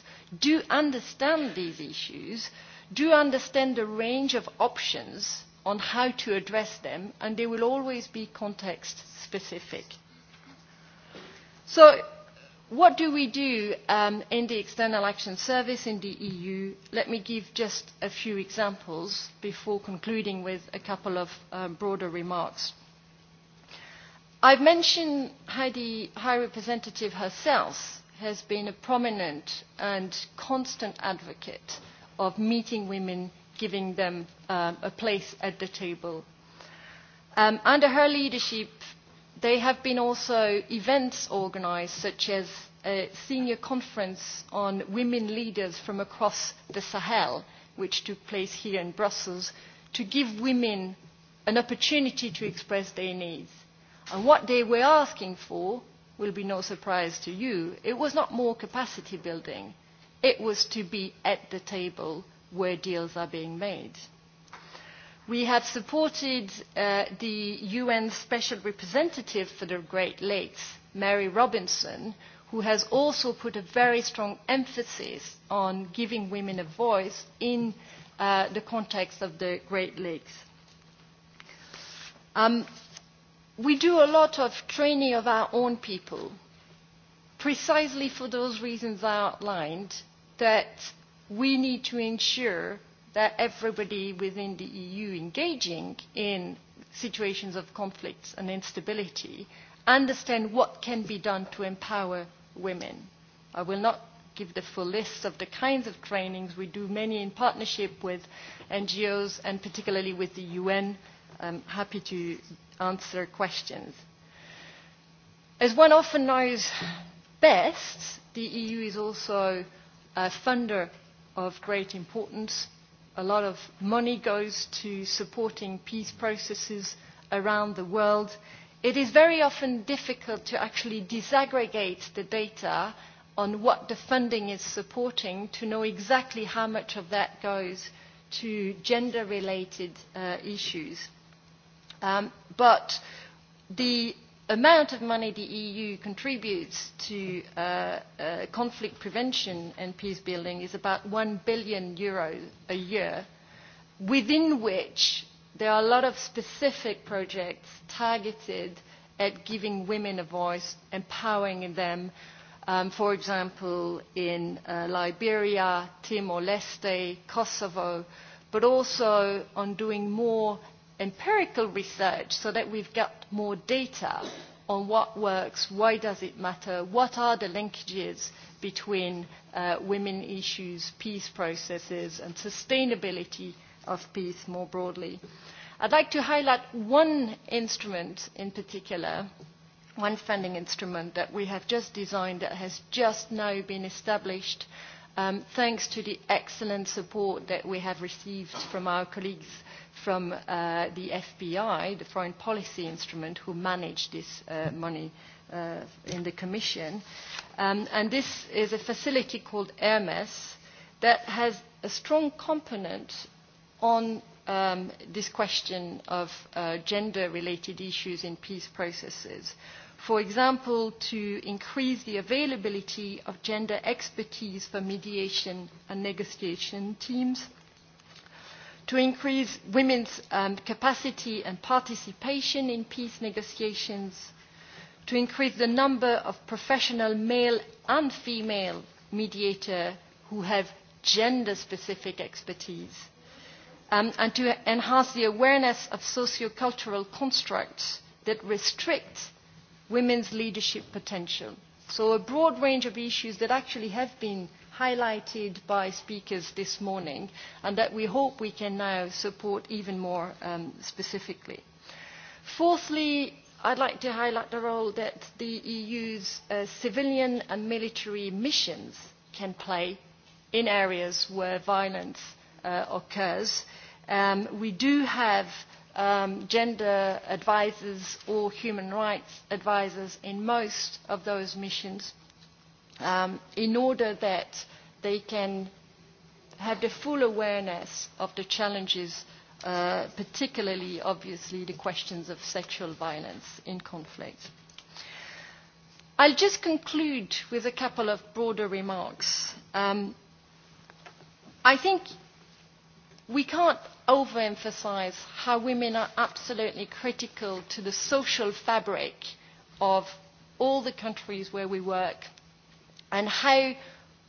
do understand these issues, do understand the range of options on how to address them, and they will always be context-specific. So what do we do in the External Action Service in the EU? Let me give just a few examples before concluding with a couple of broader remarks have mentioned how the High Representative herself has been a prominent and constant advocate of meeting women, giving them a place at the table. Under her leadership, there have been also events organised, such as a senior conference on women leaders from across the Sahel, which took place here in Brussels, to give women an opportunity to express their needs. And what they were asking for will be no surprise to you. It was not more capacity building. It was to be at the table where deals are being made. We have supported the UN Special Representative for the Great Lakes, Mary Robinson, who has also put a very strong emphasis on giving women a voice in the context of the Great Lakes. We do a lot of training of our own people, precisely for those reasons I outlined, that we need to ensure that everybody within the EU engaging in situations of conflict and instability understand what can be done to empower women. I will not give the full list of the kinds of trainings. We do many in partnership with NGOs and particularly with the UN I'm happy to answer questions. As one often knows best, the EU is also a funder of great importance. A lot of money goes to supporting peace processes around the world. It is very often difficult to actually disaggregate the data on what the funding is supporting to know exactly how much of that goes to gender-related issues. But the amount of money the EU contributes to conflict prevention and peace building is about 1 billion euros a year, within which there are a lot of specific projects targeted at giving women a voice, empowering them, for example, in Liberia, Timor-Leste, Kosovo, but also on doing more empirical research so that we've got more data on what works, why does it matter, what are the linkages between women issues, peace processes and sustainability of peace more broadly. I'd like to highlight one instrument in particular, one funding instrument that we have just designed that has just now been established thanks to the excellent support that we have received from our colleagues from the FBI, the Foreign Policy Instrument, who manage this money in the Commission. And this is a facility called Hermes that has a strong component on this question of gender-related issues in peace processes. For example, to increase the availability of gender expertise for mediation and negotiation teams to increase women's capacity and participation in peace negotiations, to increase the number of professional male and female mediators who have gender-specific expertise, and to enhance the awareness of socio-cultural constructs that restrict women's leadership potential. So a broad range of issues that actually have been highlighted by speakers this morning and that we hope we can now support even more specifically. Fourthly, I'd like to highlight the role that the EU's civilian and military missions can play in areas where violence occurs. We do have gender advisers or human rights advisers in most of those missions in order that they can have the full awareness of the challenges, particularly, obviously, the questions of sexual violence in conflict. I'll just conclude with a couple of broader remarks. I think we can't overemphasize how women are absolutely critical to the social fabric of all the countries where we work and how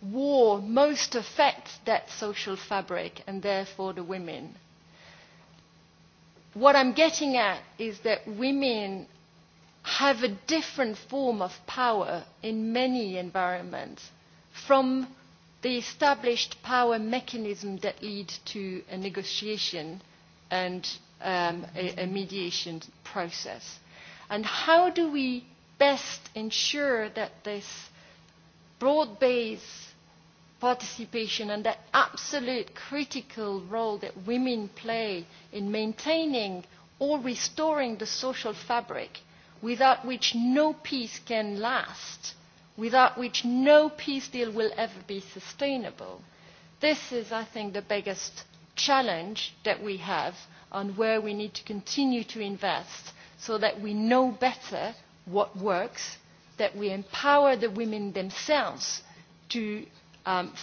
war most affects that social fabric and therefore the women. What I'm getting at is that women have a different form of power in many environments from the established power mechanism that leads to a negotiation and a mediation process. And how do we best ensure that this broad-based participation and the absolute critical role that women play in maintaining or restoring the social fabric without which no peace can last, without which no peace deal will ever be sustainable. This is, I think, the biggest challenge that we have on where we need to continue to invest so that we know better what works that we empower the women themselves to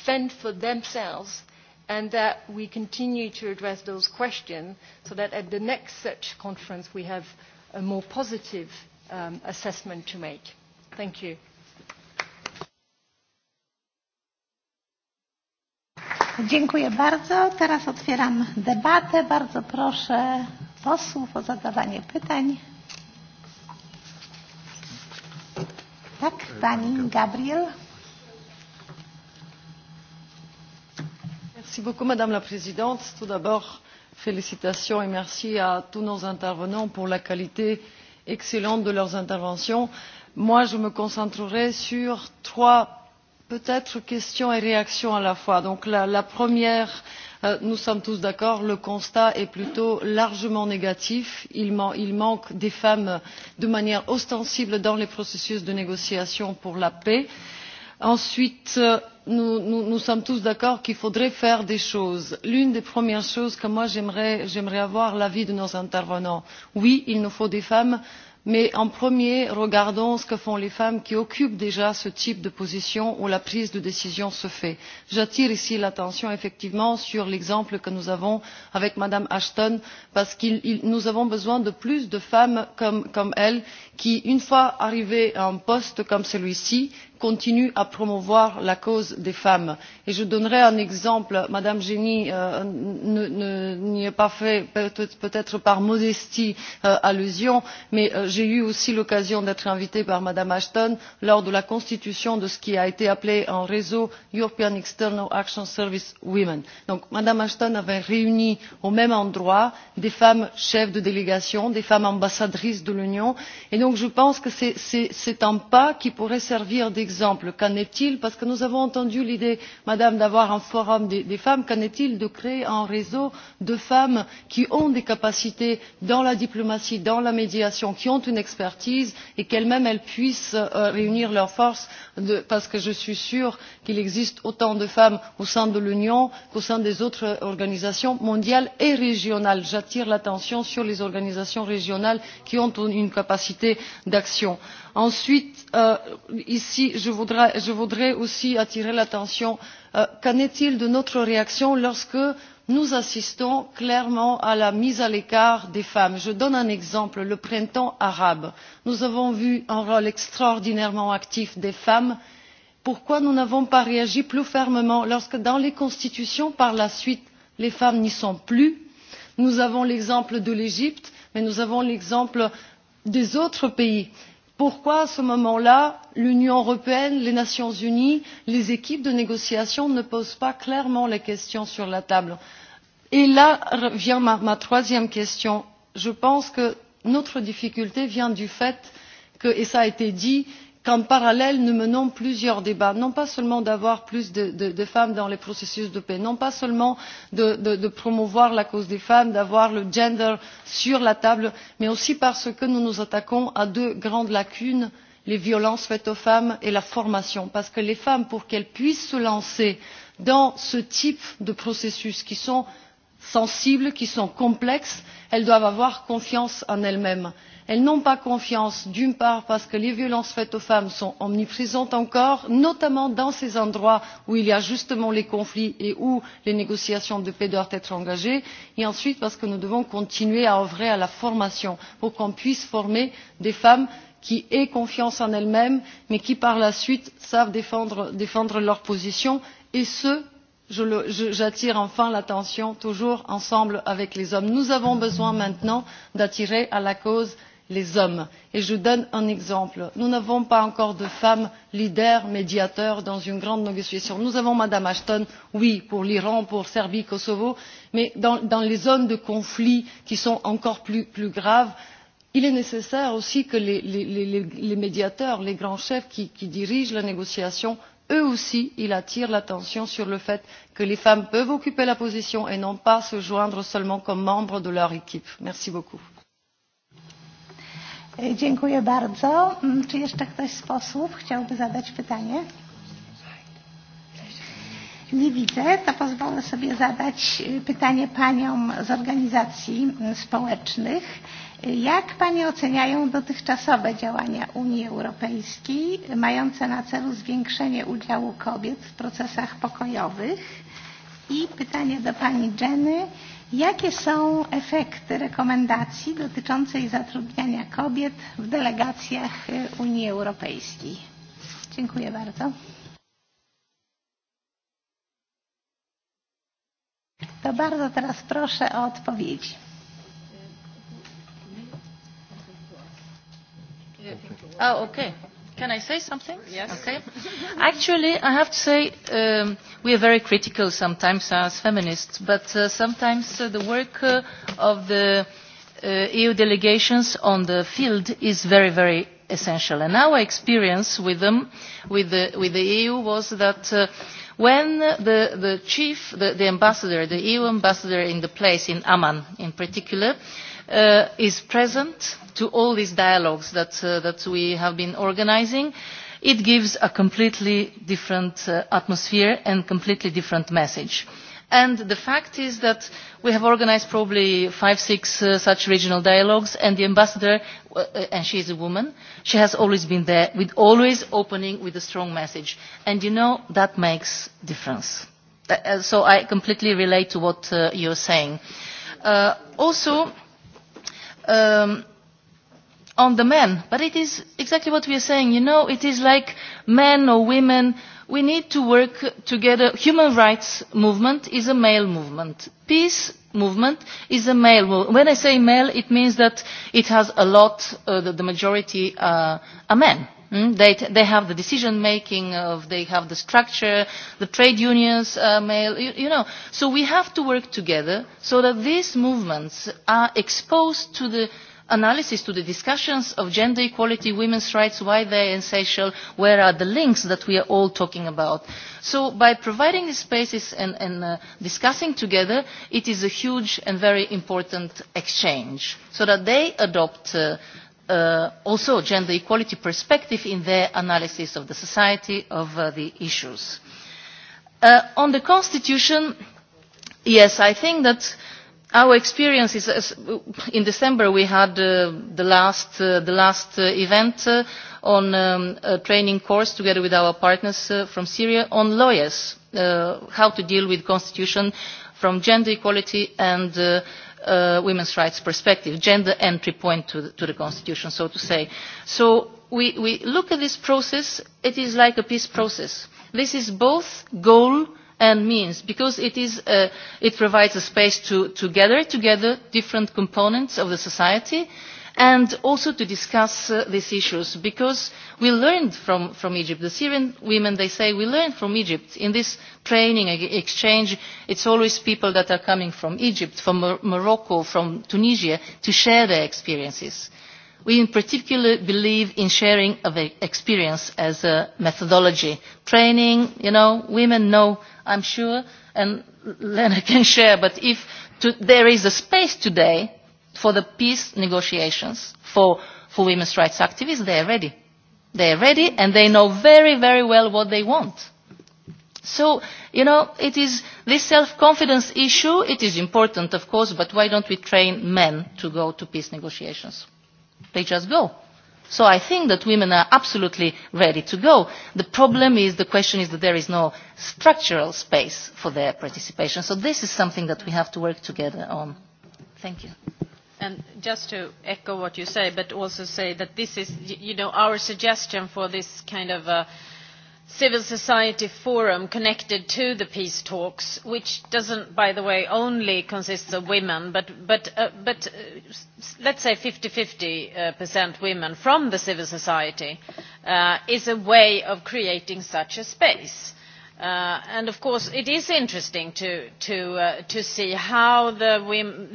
fend for themselves and that we continue to address those questions so that at the next such conference we have a more positive assessment to make. Thank you. Dziękuję bardzo. Teraz otwieram debatę. Bardzo proszę posłów o zadawanie pytań. Gabriel. Merci beaucoup, Madame la Présidente. Tout d'abord, félicitations et merci à tous nos intervenants pour la qualité excellente de leurs interventions. Moi, je me concentrerai sur trois, peut-être, questions et réactions à la fois. Donc, la première nous sommes tous d'accord le constat est plutôt largement négatif il manque des femmes de manière ostensible dans les processus de négociation pour la paix. ensuite nous sommes tous d'accord qu'il faudrait faire des choses. l'une des premières choses que j'aimerais avoir l'avis de nos intervenants oui il nous faut des femmes mais en premier regardons ce que font les femmes qui occupent déjà ce type de position où la prise de décision se fait. j'attire ici l'attention effectivement sur l'exemple que nous avons avec mme ashton parce que nous avons besoin de plus de femmes comme elle qui une fois arrivées à un poste comme celui ci continue à promouvoir la cause des femmes. Et je donnerai un exemple. Madame Génie n'y a pas fait, peut-être par modestie, allusion, mais j'ai eu aussi l'occasion d'être invitée par Madame Ashton lors de la constitution de ce qui a été appelé un réseau European External Action Service Women. Donc Madame Ashton avait réuni au même endroit des femmes chefs de délégation, des femmes ambassadrices de l'Union. Et donc je pense que c'est un pas qui pourrait servir exemple, Qu'en est-il Parce que nous avons entendu l'idée, Madame, d'avoir un forum des femmes. Qu'en est-il de créer un réseau de femmes qui ont des capacités dans la diplomatie, dans la médiation, qui ont une expertise et qu'elles-mêmes, puissent réunir leurs forces parce que je suis sûre qu'il existe autant de femmes au sein de l'Union qu'au sein des autres organisations mondiales et régionales. J'attire l'attention sur les organisations régionales qui ont une capacité d'action. Ensuite, ici, je voudrais aussi attirer l'attention qu'en est il de notre réaction lorsque nous assistons clairement à la mise à l'écart des femmes? je donne un exemple le printemps arabe nous avons vu un rôle extraordinairement actif des femmes pourquoi nous n'avons pas réagi plus fermement lorsque dans les constitutions par la suite les femmes n'y sont plus? nous avons l'exemple de l'égypte mais nous avons l'exemple des autres pays pourquoi à ce moment là l'union européenne les nations unies les équipes de négociation ne posent pas clairement les questions sur la table? et là vient ma troisième question je pense que notre difficulté vient du fait que et cela a été dit qu'en parallèle nous menons plusieurs débats non pas seulement d'avoir plus de femmes dans les processus de paix non pas seulement de promouvoir la cause des femmes d'avoir le gender sur la table mais aussi parce que nous nous attaquons à deux grandes lacunes les violences faites aux femmes et la formation parce que les femmes pour qu'elles puissent se lancer dans ce type de processus qui sont sensibles qui sont complexes elles doivent avoir confiance en elles mêmes elles n'ont pas confiance d'une part parce que les violences faites aux femmes sont omniprésentes encore notamment dans ces endroits où il y a justement les conflits et où les négociations de paix doivent être engagées et ensuite parce que nous devons continuer à œuvrer à la formation pour qu'on puisse former des femmes qui aient confiance en elles mêmes mais qui par la suite savent défendre leur position et ce j'attire enfin l'attention toujours ensemble avec les hommes. nous avons besoin maintenant d'attirer à la cause les hommes. Et je donne un exemple. Nous n'avons pas encore de femmes leaders, médiateurs dans une grande négociation. Nous avons Mme Ashton, oui, pour l'Iran, pour Serbie, Kosovo, mais dans les zones de conflit qui sont encore plus graves, il est nécessaire aussi que les médiateurs, les grands chefs qui dirigent la négociation, eux aussi, ils attirent l'attention sur le fait que les femmes peuvent occuper la position et non pas se joindre seulement comme membres de leur équipe. Merci beaucoup. Dziękuję bardzo. Czy jeszcze ktoś z posłów chciałby zadać pytanie? Nie widzę, to pozwolę sobie zadać pytanie paniom z organizacji społecznych. Jak panie oceniają dotychczasowe działania Unii Europejskiej mające na celu zwiększenie udziału kobiet w procesach pokojowych? I pytanie do pani Jenny Jakie są efekty rekomendacji dotyczącej zatrudniania kobiet w delegacjach Unii Europejskiej? Dziękuję bardzo. To bardzo teraz proszę o odpowiedzi. Oh, okay. Can I say something? Yes. Okay. Actually, I have to say we are very critical sometimes as feminists, but sometimes the work of the EU delegations on the field is very, very essential. And our experience with them, with the, with the EU, was that when the, the chief, the, the ambassador, the EU ambassador in the place, in Amman in particular, is present to all these dialogues that we have been organizing. It gives a completely different atmosphere and completely different message. And the fact is that we have organized probably five, six such regional dialogues, and the ambassador, and she is a woman, she has always been there, with always opening with a strong message. And you know, that makes difference. So I completely relate to what you are saying. Also, on the men. But it is exactly what we are saying. You know, it is like men or women. We need to work together. Human rights movement is a male movement. Peace movement is a male movement. When I say male, it means that it has a lot, the majority are men They they have the decision making, they have the structure, the trade unions, male you know. So we have to work together so that these movements are exposed to the analysis, to the discussions of gender equality, women's rights, why they are essential, where are the links that we are all talking about. So by providing these spaces and discussing together, it is a huge and very important exchange, so that they adopt also gender equality perspective in their analysis of the society of the issues. On the Constitution, yes, I think that our experience is in December we had the last the last event on a training course together with our partners from Syria on lawyers, how to deal with Constitution from gender equality and women's rights perspective, gender entry point to the Constitution, so to say. So we look at this process, it is like a peace process. This is both goal and means, because it provides a space to gather together different components of the society and also to discuss these issues because we learned from Egypt. The Syrian women, they say, we learned from Egypt. In this training exchange, it's always people that are coming from Egypt, from Morocco, from Tunisia, to share their experiences. We in particular believe in sharing of experience as a methodology. Training, you know, women know, I'm sure, and Lena can share, but if there is a space today for the peace negotiations for women's rights activists they are ready they are ready and they know very very well what they want so you know it is this self confidence issue it is important of course but why don't we train men to go to peace negotiations they just go so i think that women are absolutely ready to go the problem is the question is that there is no structural space for their participation so this is something that we have to work together on thank you And just to echo what you say, but also say that this is, you know, our suggestion for this kind of a civil society forum connected to the peace talks, which doesn't, by the way, only consists of women, but let's say 50-50% women from the civil society, is a way of creating such a space. And of course, it is interesting to see how the women.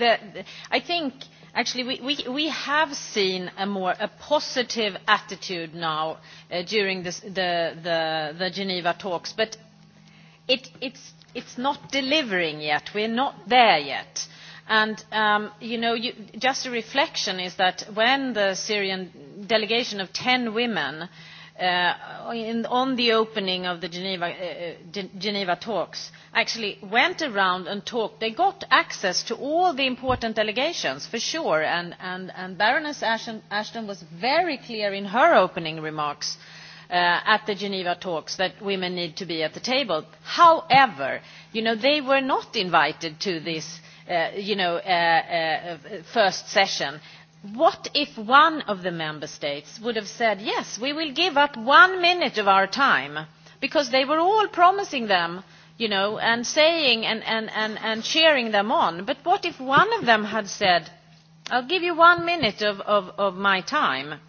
I think Actually, we have seen a more positive attitude now during the Geneva talks, but it it's not delivering yet. We're not there yet. And, you know, just a reflection is that when the Syrian delegation of 10 women on the opening of the Geneva talks actually went around and talked. They got access to all the important delegations for sure and Baroness Ashton was very clear in her opening remarks at the Geneva talks that women need to be at the table. However, they were not invited to this first session What if one of the member states would have said, yes, we will give up one minute of our time, because they were all promising them, you know, and saying and, and, and, cheering them on. But what if one of them had said, I'll give you one minute of, of, my time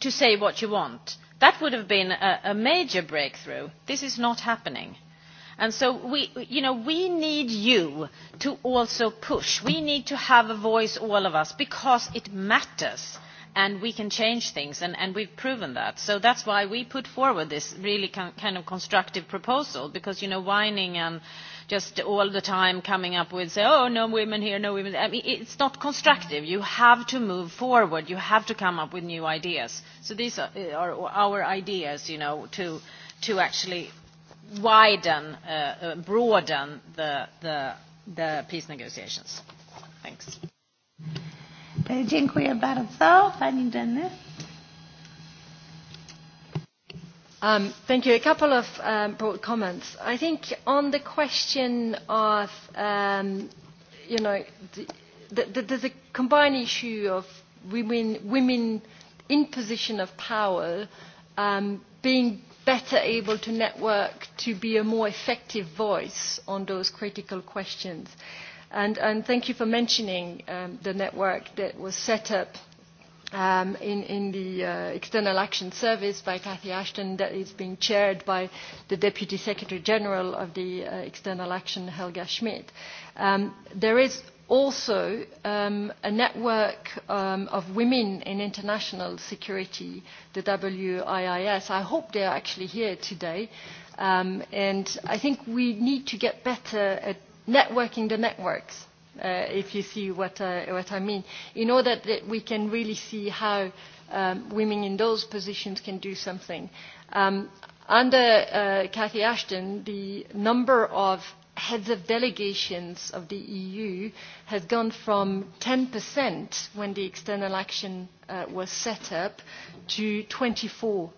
to say what you want? That would have been a major breakthrough. This is not happening. And so we, you know, we need you to also push. We need to have a voice, all of us, because it matters and we can change things, and we've proven that. So that's why we put forward this really kind of constructive proposal, because, you know, whining and just all the time coming up with, say, oh, no women here, no women I mean, it's not constructive. You have to move forward. You have to come up with new ideas. So these are our ideas, you know, to actually widen, broaden the peace negotiations. Thanks. Dziękuję bardzo. Pani Jenny. Um, thank you. A couple of um, broad comments. I think on the question of, um, you know, the, the, the, the combined issue of women, women in position of power um, being better able to network to be a more effective voice on those critical questions. And thank you for mentioning the network that was set up in the External Action Service by Cathy Ashton that is being chaired by the Deputy Secretary General of the External Action, Helga Schmidt. There is also a network of women in international security, the WIIS. I hope they are actually here today. And I think we need to get better at networking the networks, if you see what I mean, in order that we can really see how women in those positions can do something. Under Cathy Ashton, the number of heads of delegations of the EU has gone from 10% when the external action was set up to 24%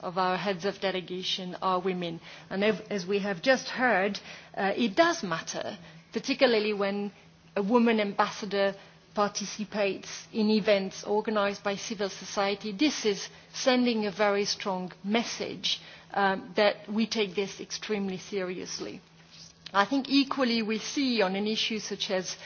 of our heads of delegation are women. And as we have just heard, it does matter, particularly when a woman ambassador participates in events organised by civil society. This is sending a very strong message that we take this extremely seriously. I think equally we see on an issue such as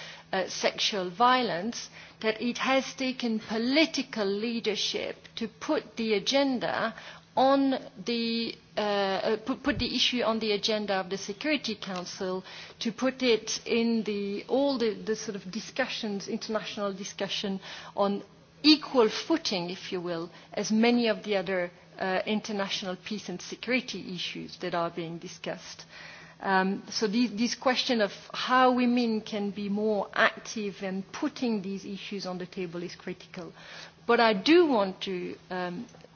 sexual violence that it has taken political leadership to put the agenda put the issue on the agenda of the Security Council to put it in all the the sort of discussions international discussion on equal footing if you will as many of the other international peace and security issues that are being discussed So this question of how women can be more active in putting these issues on the table is critical. But I do want to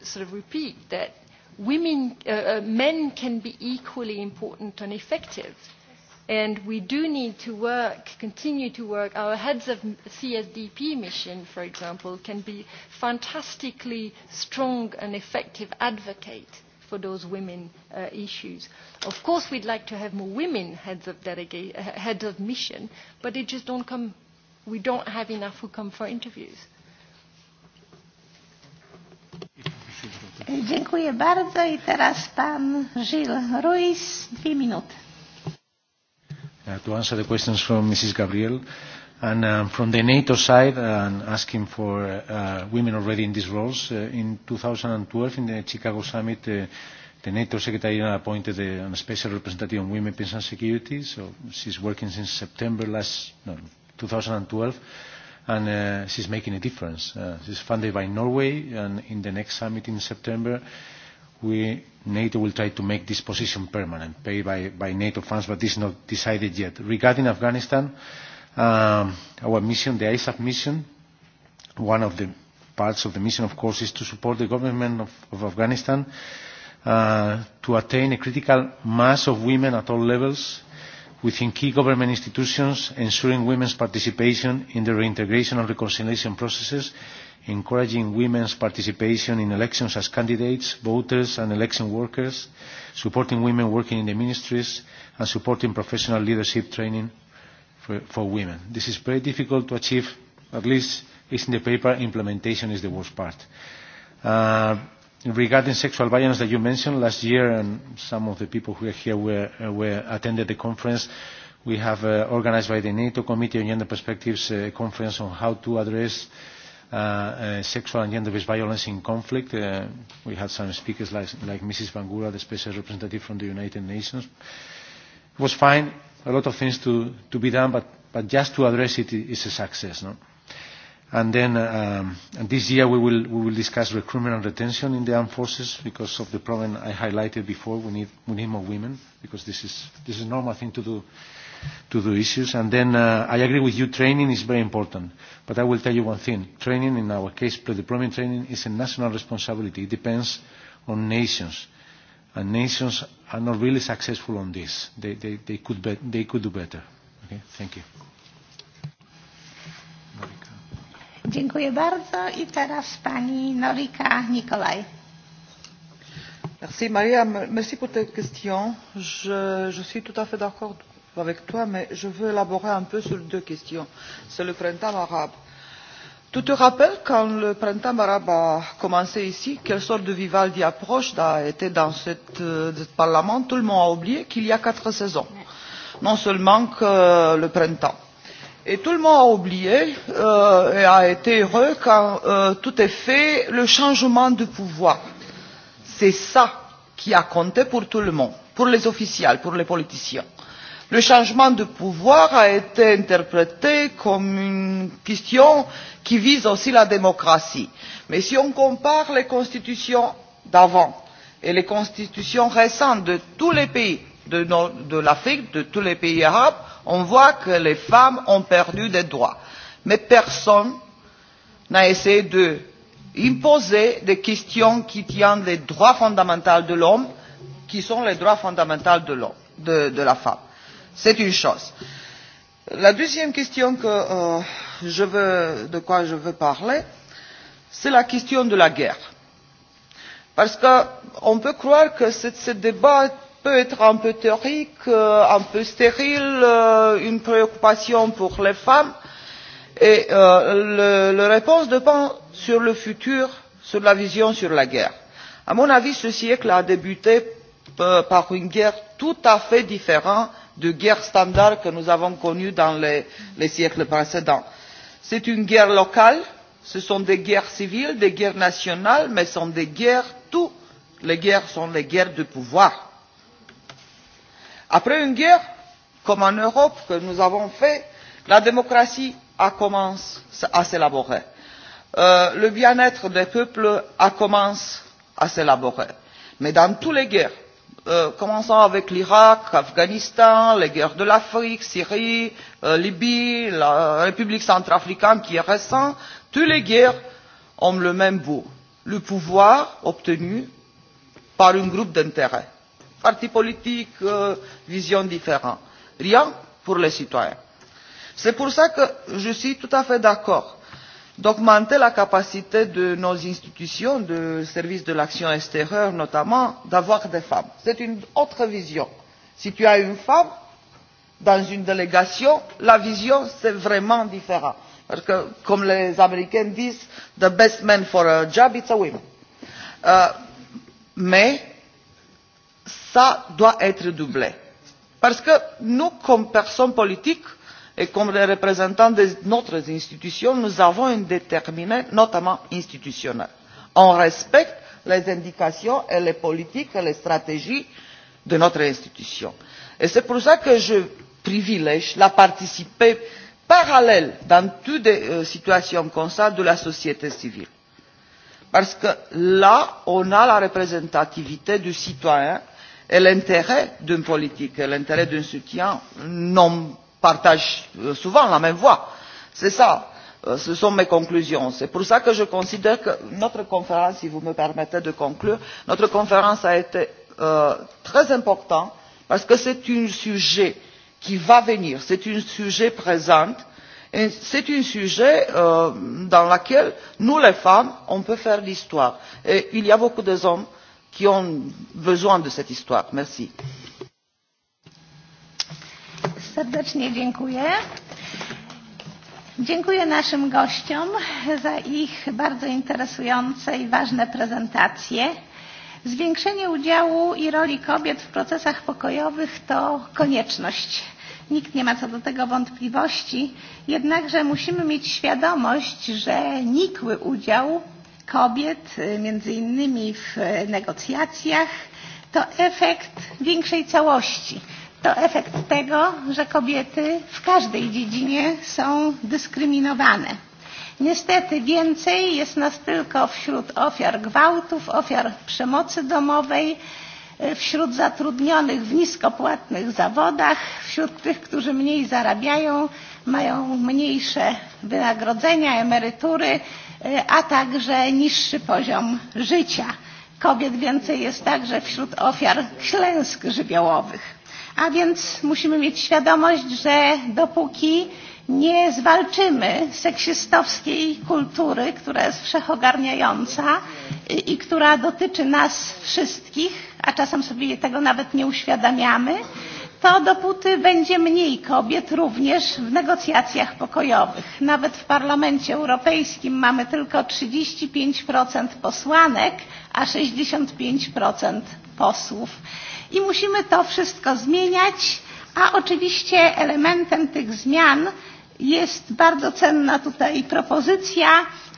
sort of repeat that women, men can be equally important and effective. And we do need to work, continue to work. Our heads of CSDP mission, for example, can be fantastically strong and effective advocates for those women issues. Of course, we'd like to have more women heads of heads of mission, but they just don't come. We don't have enough who come for interviews. Dziękuję bardzo i teraz pan Gilles Ruiz, dwie minuty. To answer the questions from Mrs. Gabriel. And from the NATO side, and asking for women already in these roles, in 2012 in the Chicago summit, the NATO Secretary appointed a special representative on women, peace and security. So she's working since September last, no, 2012, and she's making a difference. She's funded by Norway, and in the next summit in September, we NATO will try to make this position permanent, paid by NATO funds, but this is not decided yet. Regarding Afghanistan our mission, the ISAF mission. One of the parts of the mission, of course, is to support the government of Afghanistan to attain a critical mass of women at all levels within key government institutions, ensuring women's participation in the reintegration and reconciliation processes, encouraging women's participation in elections as candidates, voters and election workers, supporting women working in the ministries, and supporting professional leadership training for women. This is very difficult to achieve, at least it's in the paper, implementation is the worst part. Regarding sexual violence that you mentioned last year, and some of the people who are here were attended the conference, we have organized by the NATO Committee on Gender Perspectives a conference on how to address sexual and gender-based violence in conflict. We had some speakers like Mrs. Bangura, the special representative from the United Nations. It was fine a lot of things to, to be done, but, but just to address it is a success. No? And then um, and this year we will, we will discuss recruitment and retention in the armed forces because of the problem I highlighted before. We need, we need more women because this is, this is a normal thing to do, to do issues. And then uh, I agree with you, training is very important. But I will tell you one thing. Training, in our case, pre-deployment training is a national responsibility. It depends on nations nations are not really successful on this. They, they, they, could, be, they could do better. Okay? Thank you. Dziękuję bardzo. I teraz pani Norika Nikolaj. Merci Maria, merci pour tes questions. Je, je suis tout à fait d'accord avec toi, mais je veux élaborer un peu sur deux questions. C'est le printemps arabe Tu te rappelles quand le printemps arabe a commencé ici, quelle sorte de Vivaldi approche a été dans ce Parlement Tout le monde a oublié qu'il y a quatre saisons, non seulement que le printemps. Et tout le monde a oublié et a été heureux quand tout est fait, le changement de pouvoir. C'est ça qui a compté pour tout le monde, pour les officiels, pour les politiciens le changement de pouvoir a été interprété comme une question qui vise aussi la démocratie. mais si on compare les constitutions d'avant et les constitutions récentes de tous les pays de l'afrique de tous les pays arabes on voit que les femmes ont perdu des droits. mais personne n'a essayé d'imposer des questions qui tiennent les droits fondamentaux de l'homme qui sont les droits fondamentaux de la femme. C'est une chose. La deuxième question que je veux, de quoi je veux parler, c'est la question de la guerre. Parce qu'on peut croire que ce débat peut être un peu théorique, un peu stérile, une préoccupation pour les femmes. Et la réponse dépend sur le futur, sur la vision sur la guerre. À mon avis, ce siècle a débuté par une guerre tout à fait différente de guerre standard que nous avons connue dans les siècles précédents. C'est une guerre locale, ce sont des guerres civiles, des guerres nationales, mais ce sont des guerres, toutes les guerres sont des guerres de pouvoir. Après une guerre, comme en Europe que nous avons fait, la démocratie a commencé à s'élaborer. Le bien-être des peuples a commencé à s'élaborer. Mais dans toutes les guerres, commençons avec l'Irak, l'Afghanistan, les guerres de l'Afrique, la Syrie, la Libye, la République centrafricaine qui est récente, toutes les guerres ont le même bout, le pouvoir obtenu par un groupe d'intérêts, partis politiques, visions différentes, rien pour les citoyens. C'est pour ça que je suis tout à fait d'accord d'augmenter la capacité de nos institutions du service de l'action extérieure notamment d'avoir des femmes. c'est une autre vision. si tu as une femme dans une délégation la vision c'est vraiment différente. parce que comme les américains disent the best man for a job is a woman. mais ça doit être doublé. parce que nous comme personnes politiques et comme les représentants de notre institution nous avons une déterminée notamment institutionnelle. on respecte les indications et les politiques et les stratégies de notre institution. et c'est pour cela que je privilège la participation parallèle dans toutes les situations comme cela de la société civile parce que là on a la représentativité du citoyen et l'intérêt d'une politique et l'intérêt d'un soutien non partage souvent la même voix. C'est ça, ce sont mes conclusions. C'est pour ça que je considère que notre conférence, si vous me permettez de conclure, notre conférence a été très importante parce que c'est un sujet qui va venir, c'est un sujet présent, et c'est un sujet dans lequel nous, les femmes, on peut faire l'histoire. Et il y a beaucoup d'hommes qui ont besoin de cette histoire. Merci serdecznie dziękuję. Dziękuję naszym gościom za ich bardzo interesujące i ważne prezentacje. Zwiększenie udziału i roli kobiet w procesach pokojowych to konieczność. Nikt nie ma co do tego wątpliwości, jednakże musimy mieć świadomość, że nikły udział kobiet, między innymi w negocjacjach, to efekt większej całości to efekt tego, że kobiety w każdej dziedzinie są dyskryminowane. Niestety więcej jest nas tylko wśród ofiar gwałtów, ofiar przemocy domowej, wśród zatrudnionych w niskopłatnych zawodach, wśród tych, którzy mniej zarabiają, mają mniejsze wynagrodzenia, emerytury, a także niższy poziom życia. Kobiet więcej jest także wśród ofiar ślęsk żywiołowych A więc musimy mieć świadomość, że dopóki nie zwalczymy seksistowskiej kultury, która jest wszechogarniająca i która dotyczy nas wszystkich, a czasem sobie tego nawet nie uświadamiamy, to dopóty będzie mniej kobiet również w negocjacjach pokojowych. Nawet w Parlamencie Europejskim mamy tylko 35% posłanek, a 65% posłów i musimy to wszystko zmieniać, a oczywiście elementem tych zmian jest bardzo cenna tutaj propozycja,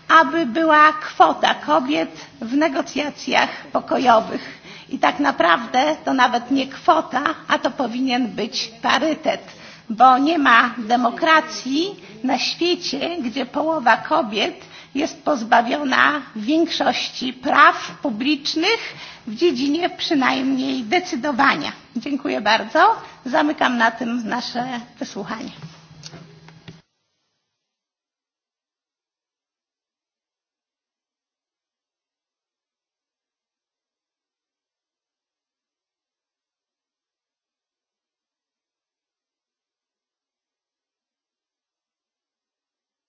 aby była kwota kobiet w negocjacjach pokojowych. I tak naprawdę to nawet nie kwota, a to powinien być parytet, bo nie ma demokracji na świecie, gdzie połowa kobiet jest pozbawiona większości praw publicznych, w dziedzinie przynajmniej decydowania. Dziękuję bardzo. Zamykam na tym nasze wysłuchanie.